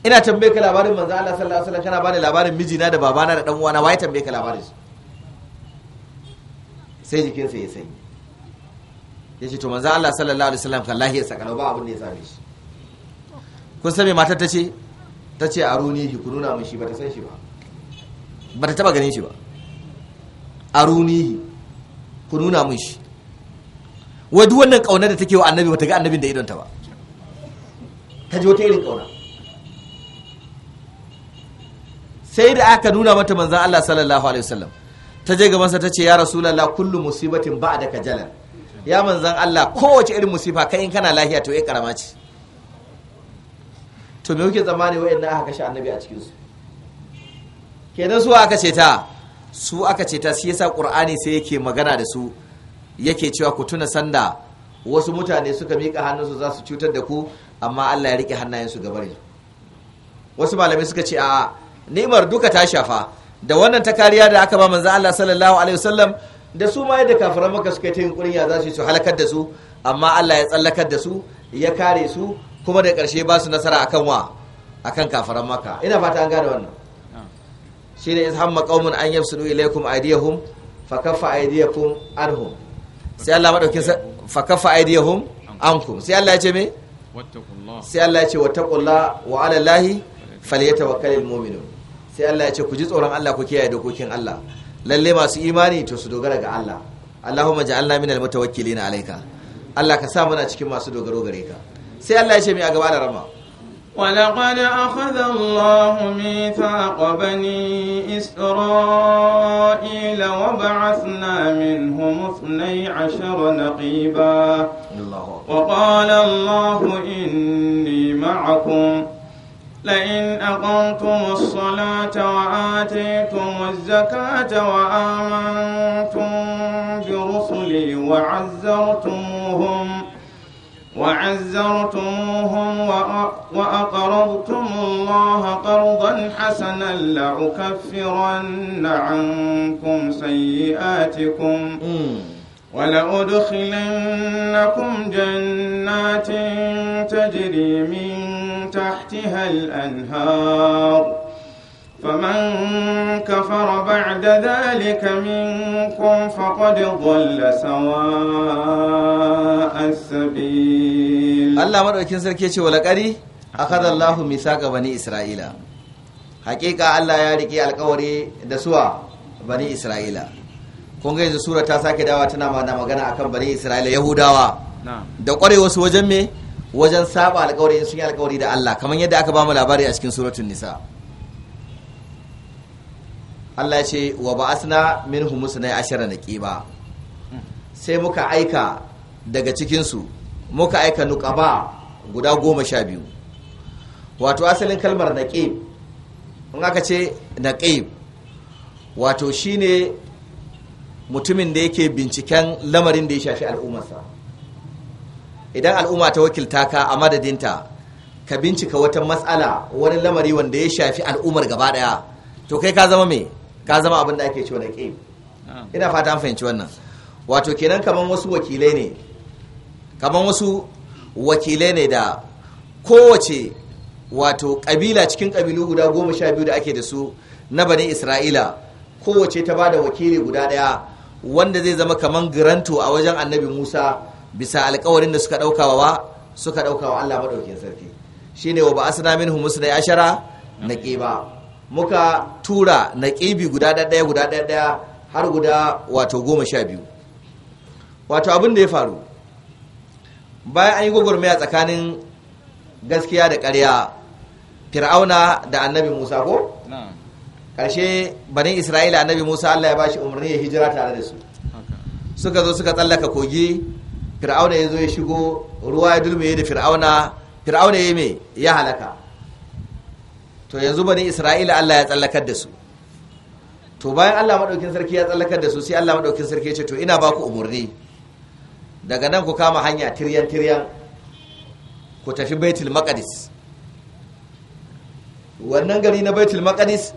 ina tambaye ka labarin manzo Allah sallallahu alaihi wasallam kana bani labarin mijina da babana da dan uwana waye tambaye ka labarin su sai jikinsa ya sanyi ya ce to manzo Allah sallallahu alaihi wasallam kan lahiya sakalau, kalau ba abun da ya same shi kun san me matar ta ce ta ce a hi kununa mun shi bata san shi ba bata taba ganin shi ba a ku kununa mun shi wai duk wannan kauna da take wa annabi bata ga annabin da idonta ba ta ji wata irin kauna sai da aka nuna mata manzan Allah sallallahu alaihi wasallam ta je gabansa ta ce ya rasu rasulullah kullu musibatin da jalal ya manzan Allah kowace irin musifa kai in kana lahiya to eh karama ce to me kuke tsammani wayannan aka kashe annabi a cikin su kenan su aka ce ta su aka ce ta shi yasa qur'ani sai yake magana da su yake cewa ku tuna sanda wasu mutane suka mika hannunsu za su cutar da ku amma Allah ya rike hannayensu gabar wasu malamai suka ce a ni'imar duka ta shafa da wannan ta kariya da aka ba manzo Allah sallallahu alaihi wasallam da su ma yadda kafiran maka suka ta yin kunya za su halakar da su amma Allah ya tsallakar da su ya kare su kuma da ƙarshe ba su nasara akan wa akan kafiran maka ina fata an gane wannan shine izhamma qaumun an yafsudu ilaykum aydiyahum fakaffa aydiyakum anhum sai Allah madaukin fakaffa aydiyahum ankum sai Allah ya ce me wattaqullah sai Allah ya ce wattaqullah wa ala llahi falyatawakkalul mu'minun sai Allah ya ce ku ji tsoron Allah ku kiyaye dokokin Allah lalle masu imani to su dogara ga Allah Allahumma ja'alna minal mutawakkilina alayka Allah ka sa muna cikin masu dogaro gare ka sai Allah ya ce mai a gaba da rama ولقد أخذ الله ميثاق بني إسرائيل وبعثنا منهم اثني عشر نقيبا وقال الله إني معكم لئن أقمتم الصلاة وآتيتم الزكاة وآمنتم برسلي وعزرتموهم وعزرتموهم وأقرضتم الله قرضا حسنا لأكفرن عنكم سيئاتكم ولأدخلنكم جنات تجري من تحتها الأنهار فمن كفر بعد ذلك منكم فقد ضل سواء السبيل الله مدوكين سركي يشي ولقري أخذ الله ميثاق بني إسرائيل حقيقة الله يا ريكي القوري دسوا بني إسرائيل kun ga yanzu sura ta sake dawa tana mana magana akan bani isra'ila yahudawa da kwarewa su wajen me wajen saba alkawari in sun yi alkawari da Allah kamar yadda aka ba mu labari a cikin suratul nisa Allah ya ce wa ba na ashirin na ashara ba sai muka aika daga cikinsu muka aika nukaba guda goma sha biyu wato asalin kalmar naqib in aka ce naqib wato shine mutumin da yake binciken lamarin da ya shafi al'ummarsa idan al'umma ta wakilta ka a madadinta ka bincika wata matsala wani lamari wanda ya shafi al'ummar gaba daya to kai ka zama me ka zama abin da ake cewa ke ina fata an fahimci wannan wato kenan kaman wasu wakilai ne kaman wasu wakilai ne da kowace wato kabila cikin kabilu guda goma sha biyu da ake da su na bani isra'ila kowace ta bada wakili guda daya wanda zai zama kaman giranto a wajen annabi musa bisa alkawarin da suka wa suka wa Allah madaukin sarki shine wa ba'asna minhum musna ashara ba muka tura naqibi guda daya guda daya har guda wato goma wato abin da ya faru bayan an yi gwagwarmaya tsakanin gaskiya da ƙarya fir'auna da annabi musa ko ƙarshe banin isra'ila annabi musa allah ya ba shi umarni ya hijira tare da su suka zo suka tsallaka kogi fir'auna ya zo ya shigo ruwa ya dulmiye da fir'auna fir'auna ya me ya halaka to yanzu bani isra'ila Allah ya tsallakar da su to bayan Allah madaukin sarki ya tsallakar da su sai Allah madaukin sarki ya ce to ina ku umurni daga nan ku kama hanya tiryan tiryan ku tafi baitul maqdis wannan gari na baitul maqdis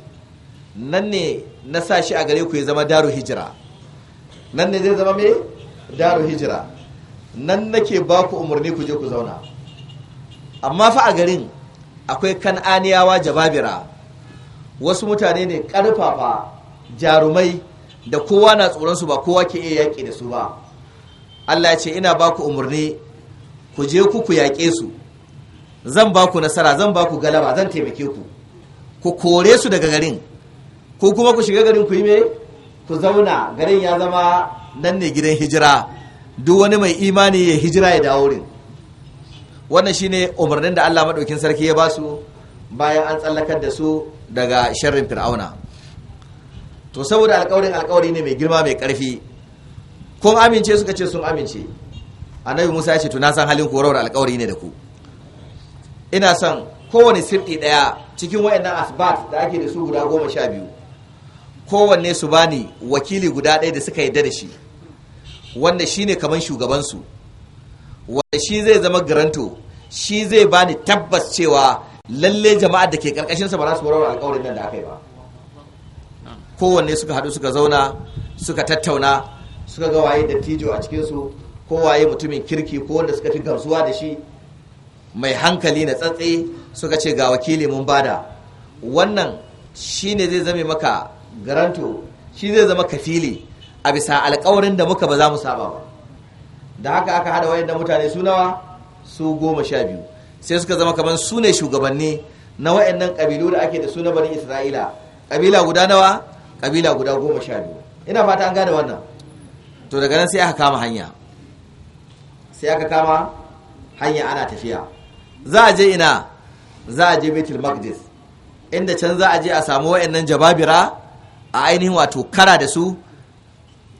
nan ne na sa shi a gare ku ya zama daru hijira nan ne zai zama me daru hijira nan nake ba ku umarni ku je ku zauna amma fa a garin akwai kan'aniyawa jababira wasu mutane ne ƙarfafa jarumai da kowa na tsoronsu ba kowa ke iya yaƙi da su ba allah ya ce ina ba ku umarni ku je ku ku yaƙe su zan ba ku nasara zan ba ku galaba zan taimake ku ku kore su daga garin ku kuma ku shiga garin ku yi me ku zauna garin ya zama nan ne gidan hijira duk wani mai imani ya hijira ya dawo wurin wannan shi ne umarnin da Allah madaukin sarki ya ba su bayan an tsallakar da su daga sharrin fir'auna to saboda alƙawarin alƙawari ne mai girma mai ƙarfi kun amince suka ce sun amince annabi Musa ya ce to na san halin korawar alƙawari ne da ku ina son kowane sirɗi ɗaya cikin wayannan asbat da ake da su guda goma sha biyu kowanne su bani wakili guda ɗaya da suka yi da shi wanda shi ne kaman shugabansu wanda shi zai zama garanto shi zai ba ni tabbas cewa lalle jama'ar da ke karkashin sa ba za su warware alƙawarin nan da aka yi ba kowanne suka haɗu suka zauna suka tattauna suka ga waye dattijo a cikin su ko waye mutumin kirki ko wanda suka fi gamsuwa da shi mai hankali na tsatse suka ce ga wakili mun bada wannan shine zai zame maka garanto shi zai zama kafili a bisa alkawarin da muka ba za mu saba ba da haka aka hada wayan da mutane su nawa su goma sha biyu sai suka zama kamar su ne shugabanni na wayannan kabilu da ake da su na bani isra'ila kabila guda nawa kabila guda goma sha biyu ina fata an gane wannan to daga nan sai aka kama hanya sai aka kama hanya ana tafiya za a je ina za a je betul magdis inda can za a je a samu wayannan jababira a ainihin wato kara da su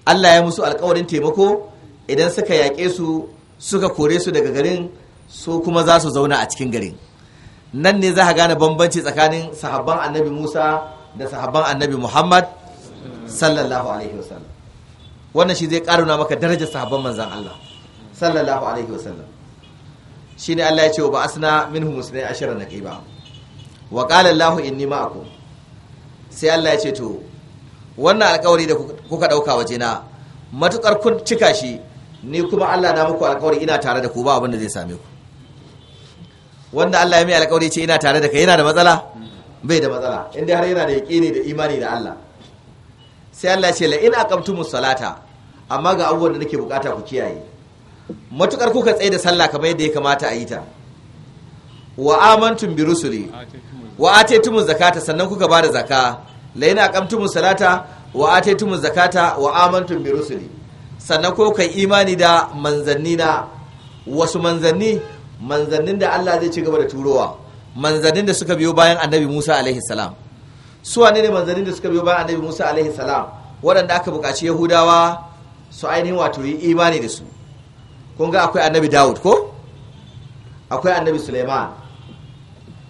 Allah ya musu alkawarin taimako idan suka yaƙe su suka kore su daga garin su kuma za su zauna a cikin garin nan ne za ka gane bambanci tsakanin sahabban annabi musa da sahabban annabi muhammad sallallahu alaihi wasallam wannan shi zai karuna maka darajar sahabban manzan allah sallallahu alaihi wasallam shi ne allah ya ce wa ba asna min musulmai ashirin na ƙiba wa ƙalallahu inni ma'akum sai allah ya ce to wannan alkawari da kuka dauka waje na matukar kun cika shi ni kuma Allah na muku alkawari ina tare da ku ba abin da zai same ku wanda Allah ya mai alkawari ce ina tare da kai yana da matsala bai da matsala inda har yana da yaqini da imani da Allah sai Allah ya ce la in aqamtu salata amma ga abubuwan da nake bukata ku kiyaye matukar kuka tsaye da sallah kamar yadda ya kamata a yi ta wa amantum bi rusuli wa atetumuz zakata sannan kuka bada zakka la yana kamtumu salata wa ataytumu zakata wa amantum bi rusuli sannan ko kai imani da manzanni na wasu manzanni manzannin da Allah zai ci gaba da turowa manzannin da suka biyo bayan annabi Musa alaihi salam su wane ne manzannin da suka biyo bayan annabi Musa alaihi salam waɗanda aka buƙaci Yahudawa su ainihin wato yi imani da su kun ga akwai annabi Dawud ko akwai annabi Suleiman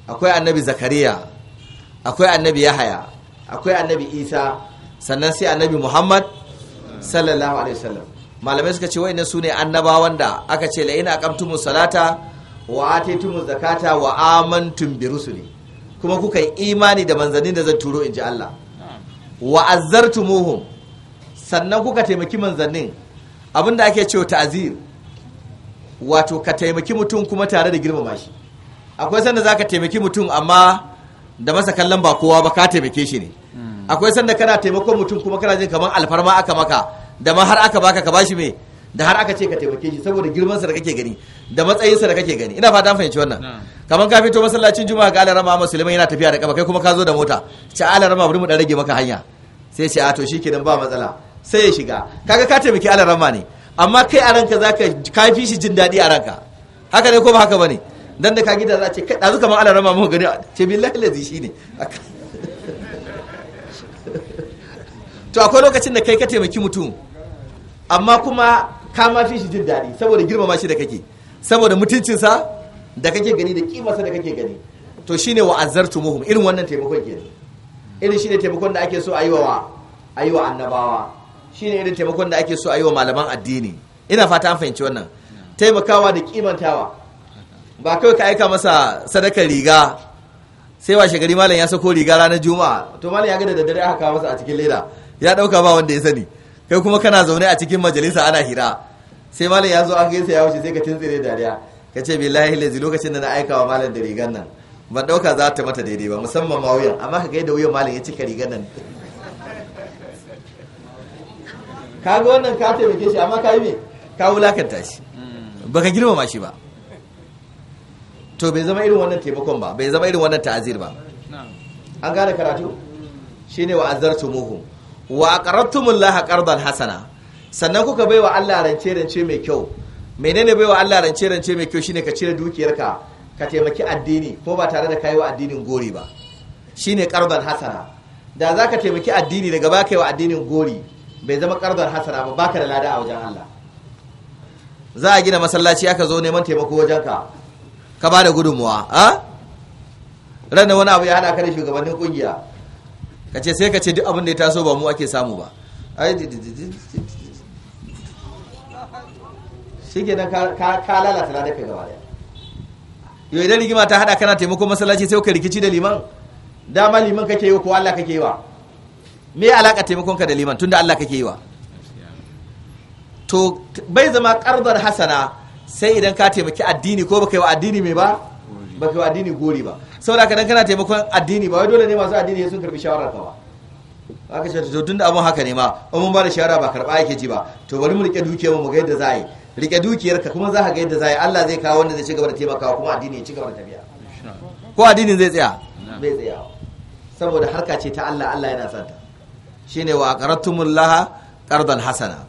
akwai annabi Zakariya akwai annabi Yahaya akwai annabi isa sannan sai annabi muhammad sallallahu alaihi wasallam malamai suka ce wa'annan sune annabawan da aka ce la'ina aqamtumus salata wa zakata wa amantum bi rusuli kuma kuka yi imani da manzannin da zan turo inji Allah wa azartumuhum sannan kuka taimaki manzannin abinda ake cewa ta'zir wato ka taimaki mutum kuma tare da girmama shi akwai sanda zaka taimaki mutum amma da masa kallon ba kowa ba ka taimake shi ne hmm. akwai sanda kana taimakon mutum kuma kana jin kamar alfarma aka maka da ma har aka baka ka bashi me da har aka ce ka taimake shi saboda girman sa da kake gani da matsayin sa da kake gani ina fata an fahimci wannan kamar ka fito masallacin juma'a ga alarama Suleiman yana tafiya da kaba kai kuma ka zo da mota ce alarama bari mu dan rage maka hanya sai ce a to kenan ba matsala sai ya shiga kaga ka taimaki alarama ne amma kai a ranka zaka kafi shi jin daɗi a ranka haka ne ko ba haka bane dan da ka gida za a ce kai dazu kamar Allah rama mu gani ce billahi lazi shine to akwai lokacin da kai ka taimaki mutum amma kuma ka ma fi shi jin daɗi saboda girmama shi da kake saboda mutuncinsa da kake gani da kimarsa da kake gani to shine wa azartu muhum irin wannan taimakon ne. irin shine taimakon da ake so a yi wa a yi wa annabawa shine irin taimakon da ake so a yi wa malaman addini ina fata an fahimci wannan taimakawa da kimantawa ba kawai ka aika masa sadakar riga sai ba shagari malam ya sako riga ranar juma'a to malam ya ga da daddare aka kawo masa a cikin leda ya dauka ba wanda ya sani kai kuma kana zaune a cikin majalisa ana hira sai malam ya zo an gaisa ya wuce sai ka tuntsire dariya ka ce billahi lazi lokacin da na aika wa malam da rigan nan ban dauka za ta mata daidai ba musamman ma wuyan amma ka ga yadda wuyan malam ya cika rigan nan ka ga wannan ka taimake shi amma ka yi me ka wulakanta shi baka girmama shi ba to bai zama irin wannan taimakon ba bai zama irin wannan ta'azir ba an gane karatu shine wa azartumuhum wa aqradtumullaha qardan hasana sannan kuka baiwa Allah rance rance mai kyau menene baiwa Allah rance rance mai kyau shine ka cire dukiyarka ka taimaki addini ko ba tare da kayi wa addinin gori ba shine qardan hasana da zaka taimaki addini daga ba kai wa addinin gori bai zama qardan hasana ba baka da lada a wajen Allah za a gina masallaci aka zo neman taimako wajen ka. ka ba da gudunmuwa a da wani abu ya hada ka da shugabannin kungiya ka ce sai ka ce duk abin da ya taso ba mu ake samu ba shi ke nan ka lalata na dafe gaba daya yau idan rigima ta hada kana taimakon masallaci sai ka rikici da liman dama liman kake yi ko Allah kake yi wa me alaka taimakon ka da liman tunda Allah kake yi wa to bai zama kardar hasana sai idan ka taimaki addini ko baka yi wa addini mai ba baka yi wa addini gori ba sau ka kadan kana taimakon addini ba wai dole ne masu addini sun karbi shawarar ka ba aka ce to tunda abun haka ne ma in mun ba da shawara ba karba yake ji ba to bari mu rike dukiyar mu mu ga yadda za a yi rike dukiyar ka kuma za ka ga yadda za a yi Allah zai kawo wanda zai ci gaba da taimakawa kuma addini ya ci gaba da tafiya ko addinin zai tsaya Zai tsaya saboda harka ce ta Allah Allah yana son ta shine wa aqartumullaha qardan hasana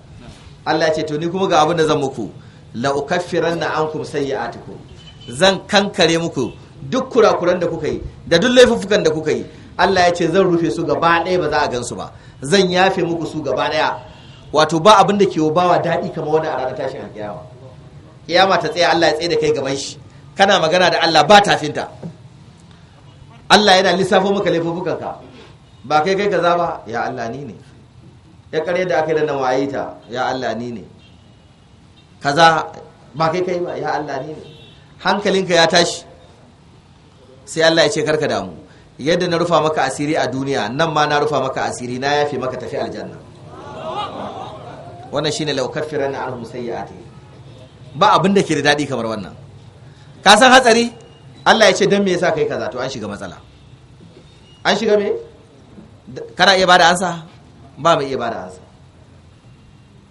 Allah ya ce to ni kuma ga abin da zan muku la ukaffiranna a tuku. zan kankare muku duk kurakuran da kuka yi da duk laifuffukan da kuka yi Allah ya ce zan rufe su gaba ɗaya ba za a gansu ba zan yafe muku su gaba ɗaya wato ba abin da ke bawa daɗi kama wani a ranar tashin alƙiyama kiyama ta tsaye Allah ya tsaye da kai gaban shi kana magana da Allah ba tafinta Allah yana lissafo maka ka. ba kai kai kaza ba ya Allah ni ne ya kare da aka yi da nan waye ta ya Allah ni ne kaza ba kai kai ba ya Allah ne hankalinka ya tashi sai Allah ya ce karka damu yadda na rufa maka asiri a duniya nan ma na rufa maka asiri na yafe maka tafi aljanna wannan shine laukaffiran na alhum sayyi'ati ba abin da ke da dadi kamar wannan ka san hatsari Allah ya ce dan me yasa kai kaza to an shiga matsala an shiga me kana iya bada ansa ba mai iya bada ansa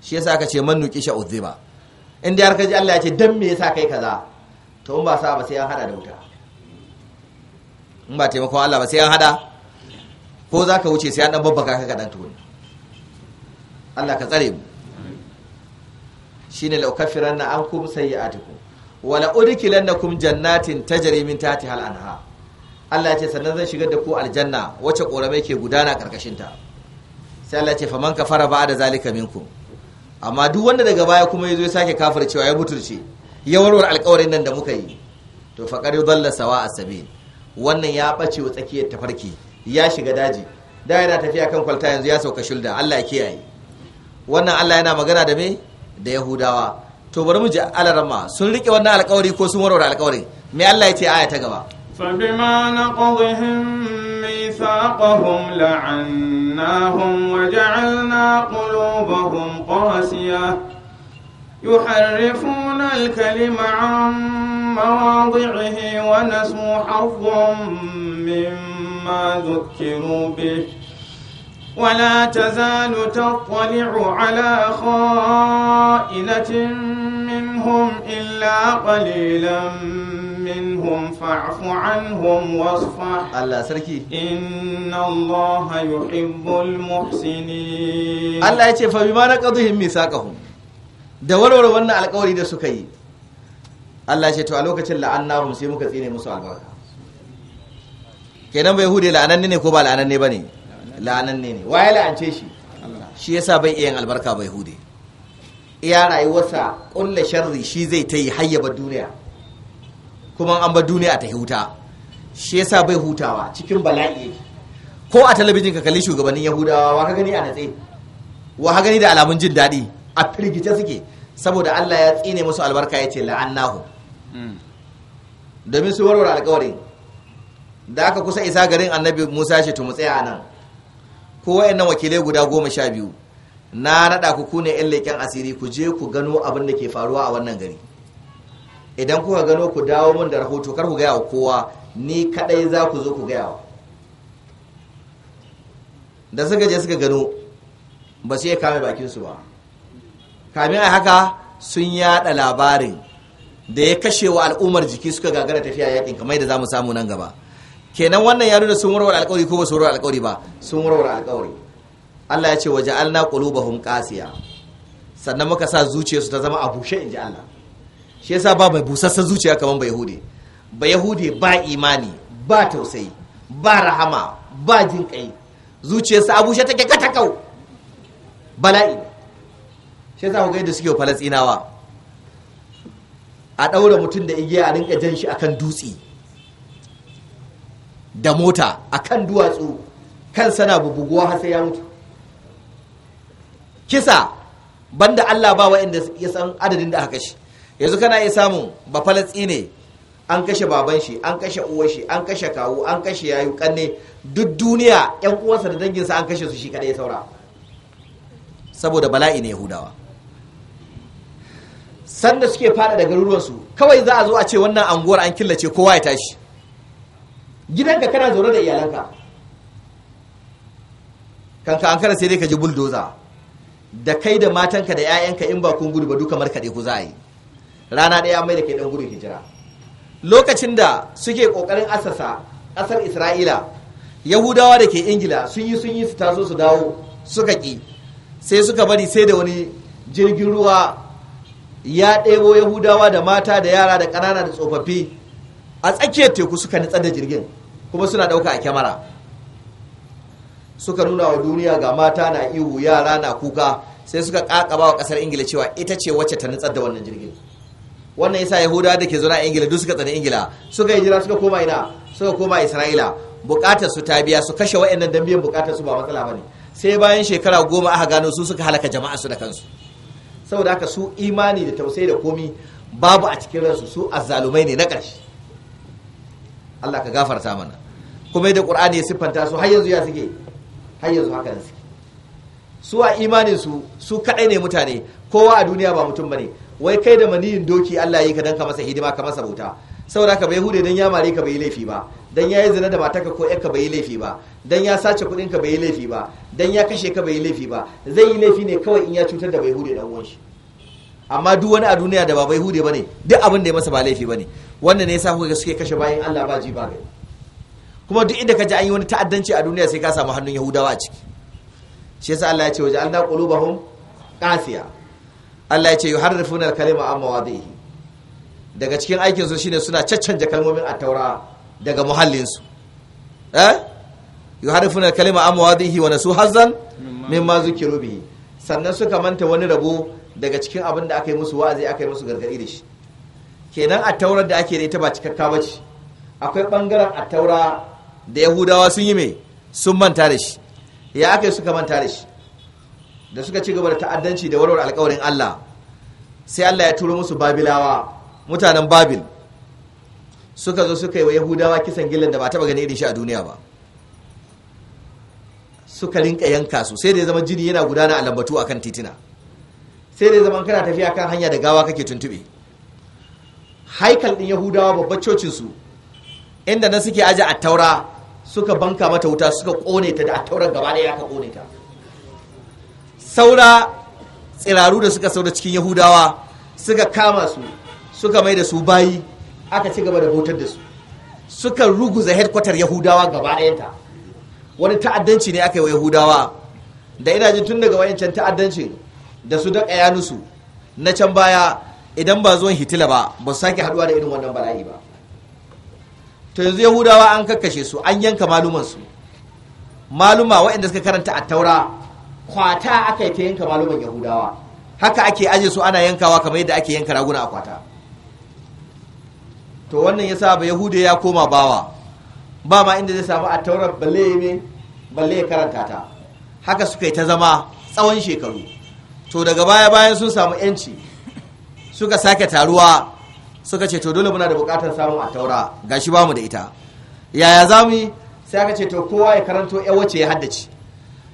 shi yasa aka ce man nuki sha uzziba Inda ya har ka ji Allah ya ce dan me yasa kai kaza to in ba sa ba sai an hada da wuta in ba taimakon Allah ba sai an hada ko za ka wuce sai an dan babbaka ka kadan tuni? Allah ka tsare mu shine la ukaffiranna ankum sayyi'atikum wa la udkhilannakum jannatin tajri min tahtiha al anha Allah ya ce sannan zan shigar da ku aljanna wacce korame ke gudana ƙarƙashinta. sai Allah ya ce faman kafara ba'da zalika minkum amma duk wanda daga baya kuma ya zo ya sake kafar cewa ya buturce ya warware alkawarin nan da muka yi to faƙar dalla sawa a sabi wannan ya ɓace wa tsakiyar tafarki ya shiga daji da yana tafiya kan kwalta yanzu ya sauka shulda allah ya kiyaye wannan allah yana magana da me da yahudawa to bari mu ji alarama sun riƙe wannan alkawari ko sun warware alkawarin me allah ya ce aya ta gaba bima نقضهم ميثاقهم لعناهم وجعلنا قلوبهم قاسية يحرفون الكلم عن مواضعه ونسوا حظا مما ذكروا به ولا تزال تطلع على خائنة منهم إلا قليلا منهم فاعف عنهم واصفح الله سركي إن الله يحب المحسنين الله يتي فبما نقضهم ميثاقهم da warware wannan alkawari da suka yi Allah ce to a lokacin la'annahum sai muka tsine musu albarka kenan bai hude la'ananne ne ko ba la'ananne bane la'ananne ne waye la'ance shi shi yasa bai iya albarka bai hude iya rayuwarsa kulla sharri shi zai ta yi hayyaba duniya kuma an bar duniya ta huta shi yasa bai hutawa cikin bala'i ko a talabijin ka kalli shugabannin yahudawa wa ka gani a natse wa ka gani da alamun jin daɗi a firgice suke saboda allah ya tsine musu albarka ya ce la'annahu hmm. domin su warware alkawarin da aka kusa isa garin annabi musa shi tumu tsaya nan ko wayannan wakilai guda goma sha biyu na naɗa ku ku 'yan leƙen asiri ku je ku gano abin da ke faruwa a wannan gari idan kuka gano ku dawo mun da rahoto kar ku gaya wa kowa ni kadai za ku zo ku gaya wa da suka je suka gano ba su iya kame bakinsu ba kamin a haka sun yada labarin da ya kashe wa al'ummar jiki suka gagara tafiya yakin kamar da za mu samu nan gaba kenan wannan ya nuna sun warware alkawari ko ba su warware alkawari ba sun warware alkawari Allah ya ce waje alna qulubahum qasiya sannan muka sa zuciyarsu ta zama a bushe inji Allah shi yasa ba bai busassan zuciya kamar ba yahudi ba yahudi ba imani ba tausayi ba rahama ba jin kai zuciyarsa abushe take kau bala'i shi yasa ku yadda suke wa falastinawa a ɗaura mutum da igiya a rinka jan shi akan dutse da mota akan duwatsu kan sana bubuguwa har sai ya mutu kisa banda Allah ba wa'anda ya san adadin da aka shi yanzu kana iya samun ba falatsi ne an kashe baban shi an kashe uwar shi an kashe kawo an kashe yayu kanne duk duniya yan uwansa da danginsa an kashe su shi kadai saura saboda bala'i ne yahudawa sanda suke fada da garuruwansu kawai za a zo a ce wannan anguwar an killace kowa ya tashi gidanka kana zaune da iyalanka kanka an kara sai dai ka ji buldoza da kai da matanka da 'ya'yanka in ba kun gudu ba duka markaɗe ku za a yi rana ɗaya mai da ke ɗan gudun hijira lokacin da suke ƙoƙarin asasa ƙasar isra'ila yahudawa da ke ingila sun yi sun yi su taso su dawo suka ƙi sai suka bari sai da wani jirgin ruwa ya ɗebo yahudawa da mata da yara da ƙanana da tsofaffi a tsakiyar teku suka nitsar da jirgin kuma suna ɗauka a kyamara suka nuna wa duniya ga mata na ihu yara na kuka sai suka ƙaƙaba wa ƙasar ingila cewa ita ce wacce ta nitsar da wannan jirgin wannan yasa yahuda da ke zaune a ingila duk suka tsani ingila suka jira suka koma ina suka koma isra'ila bukatar su ta biya su kashe wa'annan dan biyan bukatar su ba matsala bane sai bayan shekara goma aka gano su suka halaka jama'a su da kansu saboda haka su imani da tausayi da komi babu a cikin ransu su azzalumai ne na ƙarshe Allah ka gafarta mana kuma da Qur'ani ya siffanta su har yanzu ya suke har yanzu haka suke su a imanin su su kadai ne mutane kowa a duniya ba mutum bane wai kai da maniyin doki Allah ya yi ka dan ka masa hidima ka masa bauta saboda ka bai hude dan ya mare ka bai laifi ba dan ya yi zina da mataka ko ka bai laifi ba dan ya sace kudin ka bai laifi ba dan ya kashe ka bai laifi ba zai yi laifi ne kawai in ya cutar da bai hude dan uwan shi amma duk wani a duniya da ba bai hude bane duk abin da ya masa ba laifi bane wannan ne yasa kuka suke kashe bayan Allah ba ji ba gari kuma duk inda ka ji an yi wani ta'addanci a duniya sai ka samu hannun Yahudawa a ciki shi yasa Allah ya ce waje alna qulubahum qasiya Allah ya ce yuharrifuna al-kalima amma wadihi daga cikin aikinsu shine suna caccanja kalmomin a taura daga muhallinsu. eh yuharrifuna al-kalima amma wadihi wa nasu hazzan mimma zukiru bihi sannan suka manta wani rabo daga cikin abin da aka yi musu wa'azi aka yi musu gargadi da shi kenan a taura da ake da ita ba cikakka bace akwai bangaren a taura da yahudawa sun yi mai sun manta da shi ya aka yi suka manta da shi da suka ci gaba da ta'addanci da warware alkawarin Allah sai Allah ya turo musu babilawa mutanen babil suka zo suka yi wa yahudawa kisan gillan da ba taba gani irin shi a duniya ba suka rinka yanka su sai da ya zama jini yana gudana a lambatu akan titina sai da ya zama kana tafiya kan hanya da gawa kake tuntube haikal din yahudawa babbar cocin su inda na suke aje a taura suka banka mata wuta suka kone ta da a taurar gaba ɗaya aka kone ta saura tsiraru da suka saura cikin yahudawa suka kama su suka mai da su bayi aka ci gaba da bautar da su suka ruguza headquarter yahudawa gaba ɗayanta wani ta'addanci ne aka yi wa yahudawa da ina jin tun daga wayancan ta'addanci da su ya yanusu na can baya idan ba zuwan hitila ba ba su sake haduwa da irin wannan bala'i ba to yanzu yahudawa an kakkashe su an yanka malumansu maluma waɗanda suka karanta a taura kwata aka yi ta yanka maluman yahudawa haka ake aje su ana yankawa kamar yadda ake yanka raguna a kwata to wannan yasa ba yahude ya koma bawa ba ma inda zai samu a taurar balle ne balle ya karanta ta haka suka yi ta zama tsawon shekaru to daga baya bayan sun samu yanci suka sake taruwa suka ce to dole muna da bukatar samun a taura gashi mu da ita yaya za mu yi sai aka ce to kowa ya karanto ya wace ya haddace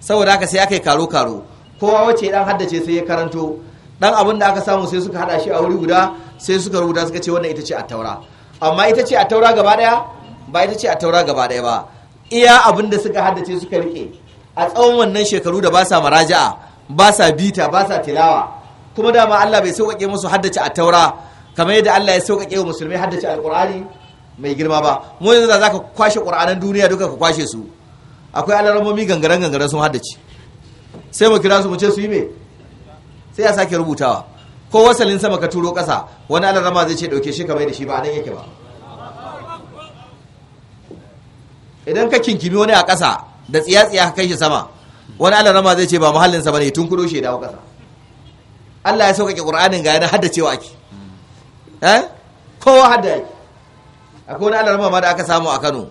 saboda haka sai aka yi karo karo kowa wace dan haddace sai ya karanto dan abin da aka samu sai suka hada shi a wuri guda sai suka rubuta suka ce wannan ita ce a taura amma ita ce a taura gaba daya ba ita ce a taura gaba daya ba iya abin da suka haddace suka rike a tsawon wannan shekaru da ba sa maraja'a ba sa bita ba sa tilawa kuma dama Allah bai sauƙaƙe musu haddace a taura kamar yadda Allah ya sauƙaƙe wa musulmai haddace alƙur'ani mai girma ba mu yanzu da ka kwashe ƙur'anan duniya duka ka kwashe su akwai alarabomi gangaren gangaren sun haddace sai mu kira su mu ce su yi me sai ya sake rubutawa ko wasalin sama ka turo ƙasa wani alarama zai ce ɗauke shi kamar da shi ba a nan yake ba idan ka kinkimi wani a ƙasa da tsiya-tsiya ka kai shi sama wani alarama zai ce ba muhallinsa ba ne tun kudo shi ya dawo ƙasa Allah ya sauƙaƙe ƙur'anin ga yana haddacewa ake eh? kowa hadda ake akwai wani alarama ma da aka samu a kano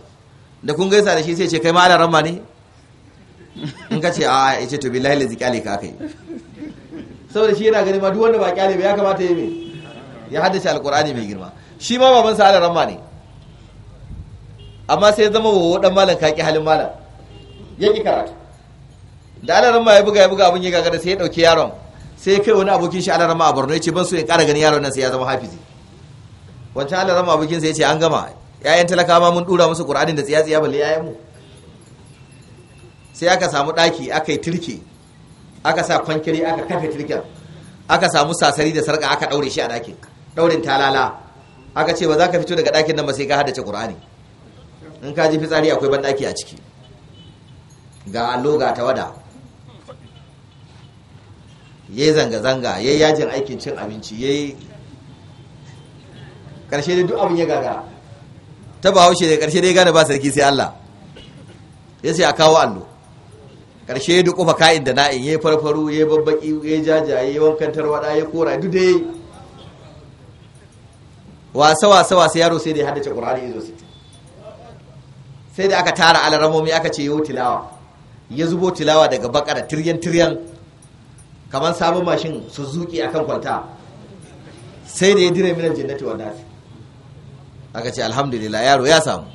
da kun gaisa da shi sai ce kai ma alaran ma ne in ka ce a ya ce to billahi lazi kyale ka kai saboda shi yana gani ma duk wanda ba kyale ba ya kamata ya me ya haddace alqur'ani mai girma shi ma baban sa alaran ma ne amma sai zama wa dan malam kaki halin malam ya karatu da alaran ma ya buga ya buga abin ya gagara sai ya dauke yaron sai ya kai wani abokin shi alaran ma a Borno ya ce ban so ya kara gani yaron nan sai ya zama hafizi wancan alaran ma abokin sai ya ce an gama yayan talakawa mun dura musu qur'anin da tsiyatsiya balle yayan mu sai aka samu daki aka yi turke aka sa kwankiri aka kafe turken aka samu sasari da sarka aka daure shi a dakin daurin talala aka ce ba za ka fito daga dakin nan ba sai ka haddace qur'ani in ka ji fitsari akwai ban daki a ciki ga allo ga tawada ya yi zanga-zanga ya yi yajin aikin cin abinci ya yi ƙarshe da duk abin ya gagara ta haushe da ƙarshe dai gane ba sarki sai Allah ya ce a kawo allo ƙarshe ya duƙufa ka'in da na'in ya farfaru ya babbaki ya jajaye ya wankantar waɗa ya kora duk dai wasa wasa wasa yaro sai da ya haddace ƙur'ani izo sita sai da aka tara alaramomi aka ce yau tilawa ya zubo tilawa daga bakara tiryan tiryan kamar sabon mashin su zuki kan kwanta sai da ya dire minan jannati wa nasi aka ce alhamdulillah yaro ya samu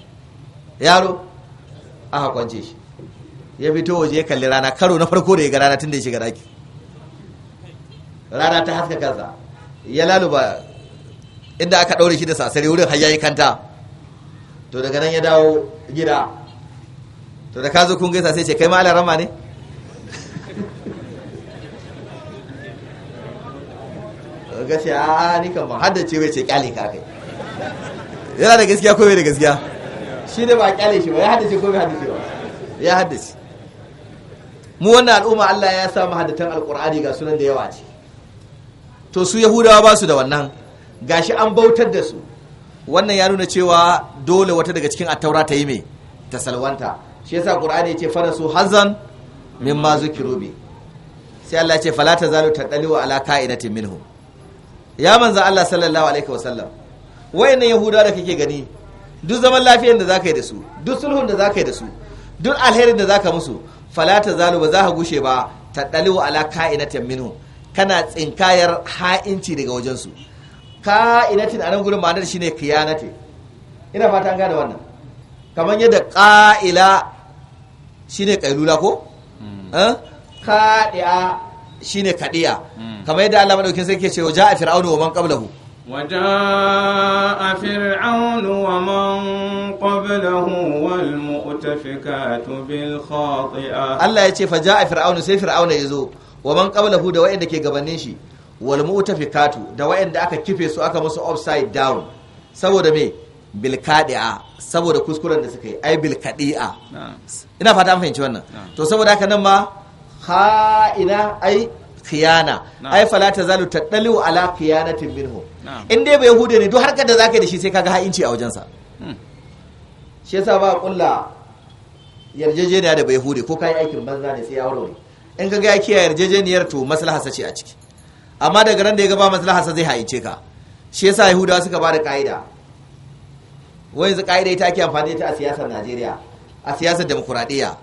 yaro aka kwance shi ya fito waje ya kalli rana karo na farko da ya ga rana tun da ya shiga daki rana ta haska kansa ya laluba inda aka ɗaure shi da sasare wurin har yayi kanta to daga nan ya dawo gida to da ka zo kun gaisa sai ce kai ma rama ne gashi ce a ni kan ban ce wai ce kyale ka kai yana da gaskiya ko bai da gaskiya shi ne ba kyale shi ba ya haddace ko bai haddace ba ya haddace mu wannan al'umma Allah ya sa mu haddatan alqur'ani ga sunan da yawa ce to su yahudawa ba su da wannan gashi an bautar da su wannan ya nuna cewa dole wata daga cikin attaura ta yi mai ta salwanta shi yasa qur'ani ya ce fara su hazan mimma zukiru bi sai Allah ya ce fala tazalu taqalu ala ka'idatin minhum ya manzo Allah sallallahu alaihi wasallam nan yahuda da kake gani duk zaman lafiyar da zaka yi da su duk sulhun da zaka yi da su duk alherin da zaka musu fala ta zalu ba za ka gushe ba ta dalilu ala ka'inatin minhu kana tsinkayar ha'inci daga wajen su ka'inatin nan gurin ma'anar shine kiyanati ina fata an gane wannan kamar yadda qa'ila shine kailula ko hmm. eh kadiya shine kadiya hmm. kamar yadda Allah madaukin sai ke cewa ja'a fir'aunu wa man qablahu وجاء فرعون ومن قبله والمؤتفكات بالخاطئة الله يتي فجاء فرعون سي فرعون يزو ومن قبله da wa'anda ke gabanin shi wal mu'tafikatu da wa'anda aka kife su aka musu upside down saboda me bilkadi'a saboda kuskuren da suka yi ai bilkadi'a ina fata an fahimci wannan to saboda haka nan ma ha ina ai khiyana ai fala tazalu tadalu ala khiyanatin minhu in dai bai yahude ne duk harkar da zaka da shi sai kaga ha'inci a wajensa hmm. shi yasa ba kulla yarjejeniya da bai yahude ko kai aikin banza ne sai ya warware in kaga ya kiyaye yarjejeniyar to maslaha sace a ciki amma daga ran da ya ga ba maslaha sa zai haince ka shi yasa yahudawa suka ba da ka'ida wai zai ka'ida ita ake amfani da a siyasar Najeriya a siyasar demokradiya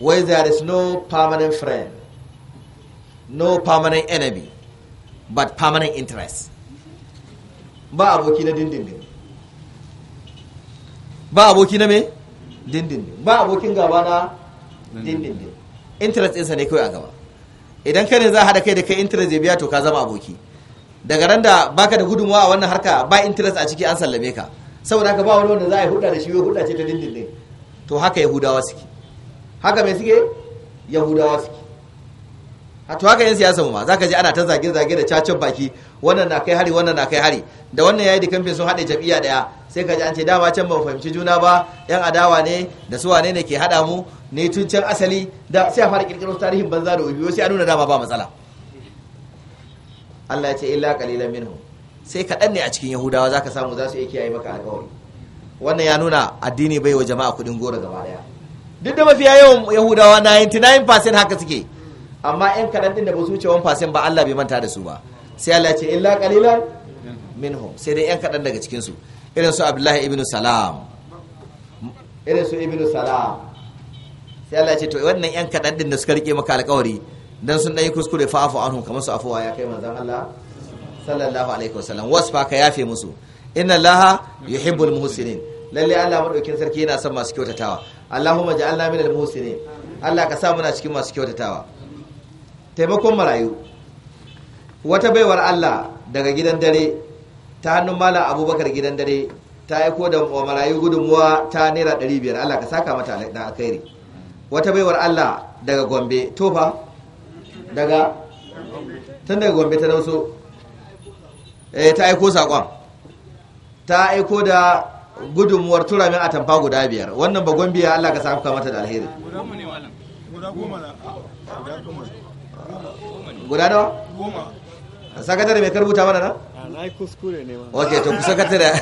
wai there is no permanent friend no permanent enemy but permanent interest ba aboki na dindindin ba aboki na me dindindin ba abokin gaba na dindindin interest ɗinsa ne kawai a gaba idan ka ne za a haɗa kai da kai interest ya biya to ka zama aboki daga ran da baka da gudunmuwa a wannan harka ba interest a ciki an sallame ka saboda haka ba wani wanda za a yi hudda da shi wai hudda ce ta dindindin to haka yahudawa suke haka mai suke yahudawa suke a to haka yan siyasa mu ma zaka ji ana ta zage zage da cacin baki wannan na kai hari wannan na kai hari da wannan yayi da kamfe sun hade jami'a daya sai ka ji an ce dama can ba fahimci juna ba yan adawa ne da su wane ne ke hada mu ne tun can asali da sai a fara kirkiro tarihin banza da ubiyo sai a nuna dama ba matsala Allah ya ce illa qalilan minhum sai kaɗan ne a cikin yahudawa zaka samu za su iya kiyaye maka alƙawari wannan ya nuna addini bai wa jama'a kuɗin gora gaba daya duk da mafiya yawan yahudawa 99% haka suke amma yan kaɗan ɗin da ba su wuce 1% ba Allah bai manta da su ba sai Allah ce illa qalilan minhum sai dai yan kaɗan daga cikin su irin su Abdullahi ibn Salam irin su ibn Salam sai Allah ce to wannan yan kaɗan ɗin da suka rike maka alƙawari dan sun ɗan kuskure kuskure afu anhum kamar su afuwa ya kai manzon Allah sallallahu alaihi wasallam wasfa ka yafe musu inna laha yuhibbul muhsinin lalle Allah madaukin sarki yana son masu kyautatawa Allahumma ja'alna minal muhsinin Allah ka sa muna cikin masu kyautatawa taimakon marayu wata baiwar Allah daga gidan dare ta hannun mala abubakar gidan dare ta aiko da marayu gudunmuwa ta naira 500 Allah ka saka mata na alkhairi wata baiwar Allah daga gombe tofa daga tun daga gombe ta dauso eh, ta aiko saƙon ta aiko da gudunmuwar turamin tamfa guda biyar wannan ba gombe Allah ka saka mata da alheri guda nawa goma da mai karbuta mana na na yi kuskure ne ma ok to da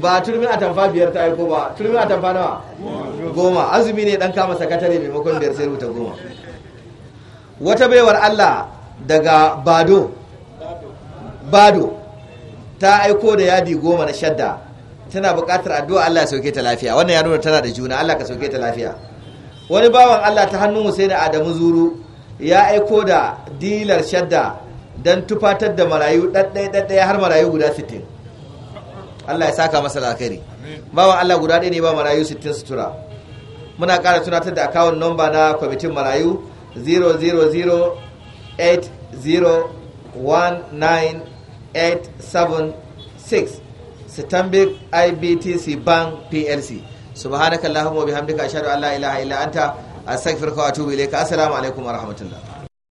ba turmi a tamfa biyar ta aiko ba turmi a tamfa nawa goma azumi ne dan kama sakatare maimakon biyar sai rubuta goma wata baiwar allah daga bado bado ta aiko da yadi goma na shadda tana buƙatar addu'a Allah ya sauke ta lafiya wannan ya nuna tana da juna Allah ka sauke ta lafiya wani bawan Allah ta hannun Hussein Adamu Zuru ya aiko da dilar shadda don tufatar da marayu ɗaɗɗaya har marayu guda 60 Allah ya saka masa lakari bawan Allah guda ɗaya ne ba marayu 60 sutura muna ƙara tunatar da akawun nomba na kwamitin marayu 000801987 Stanbic IBTC Bank PLC subhanakallahumma wa bihamdika ashhadu an la ilaha illa anta astagfirka wa atubu ilayka assalamu alaikum wa rahmatullah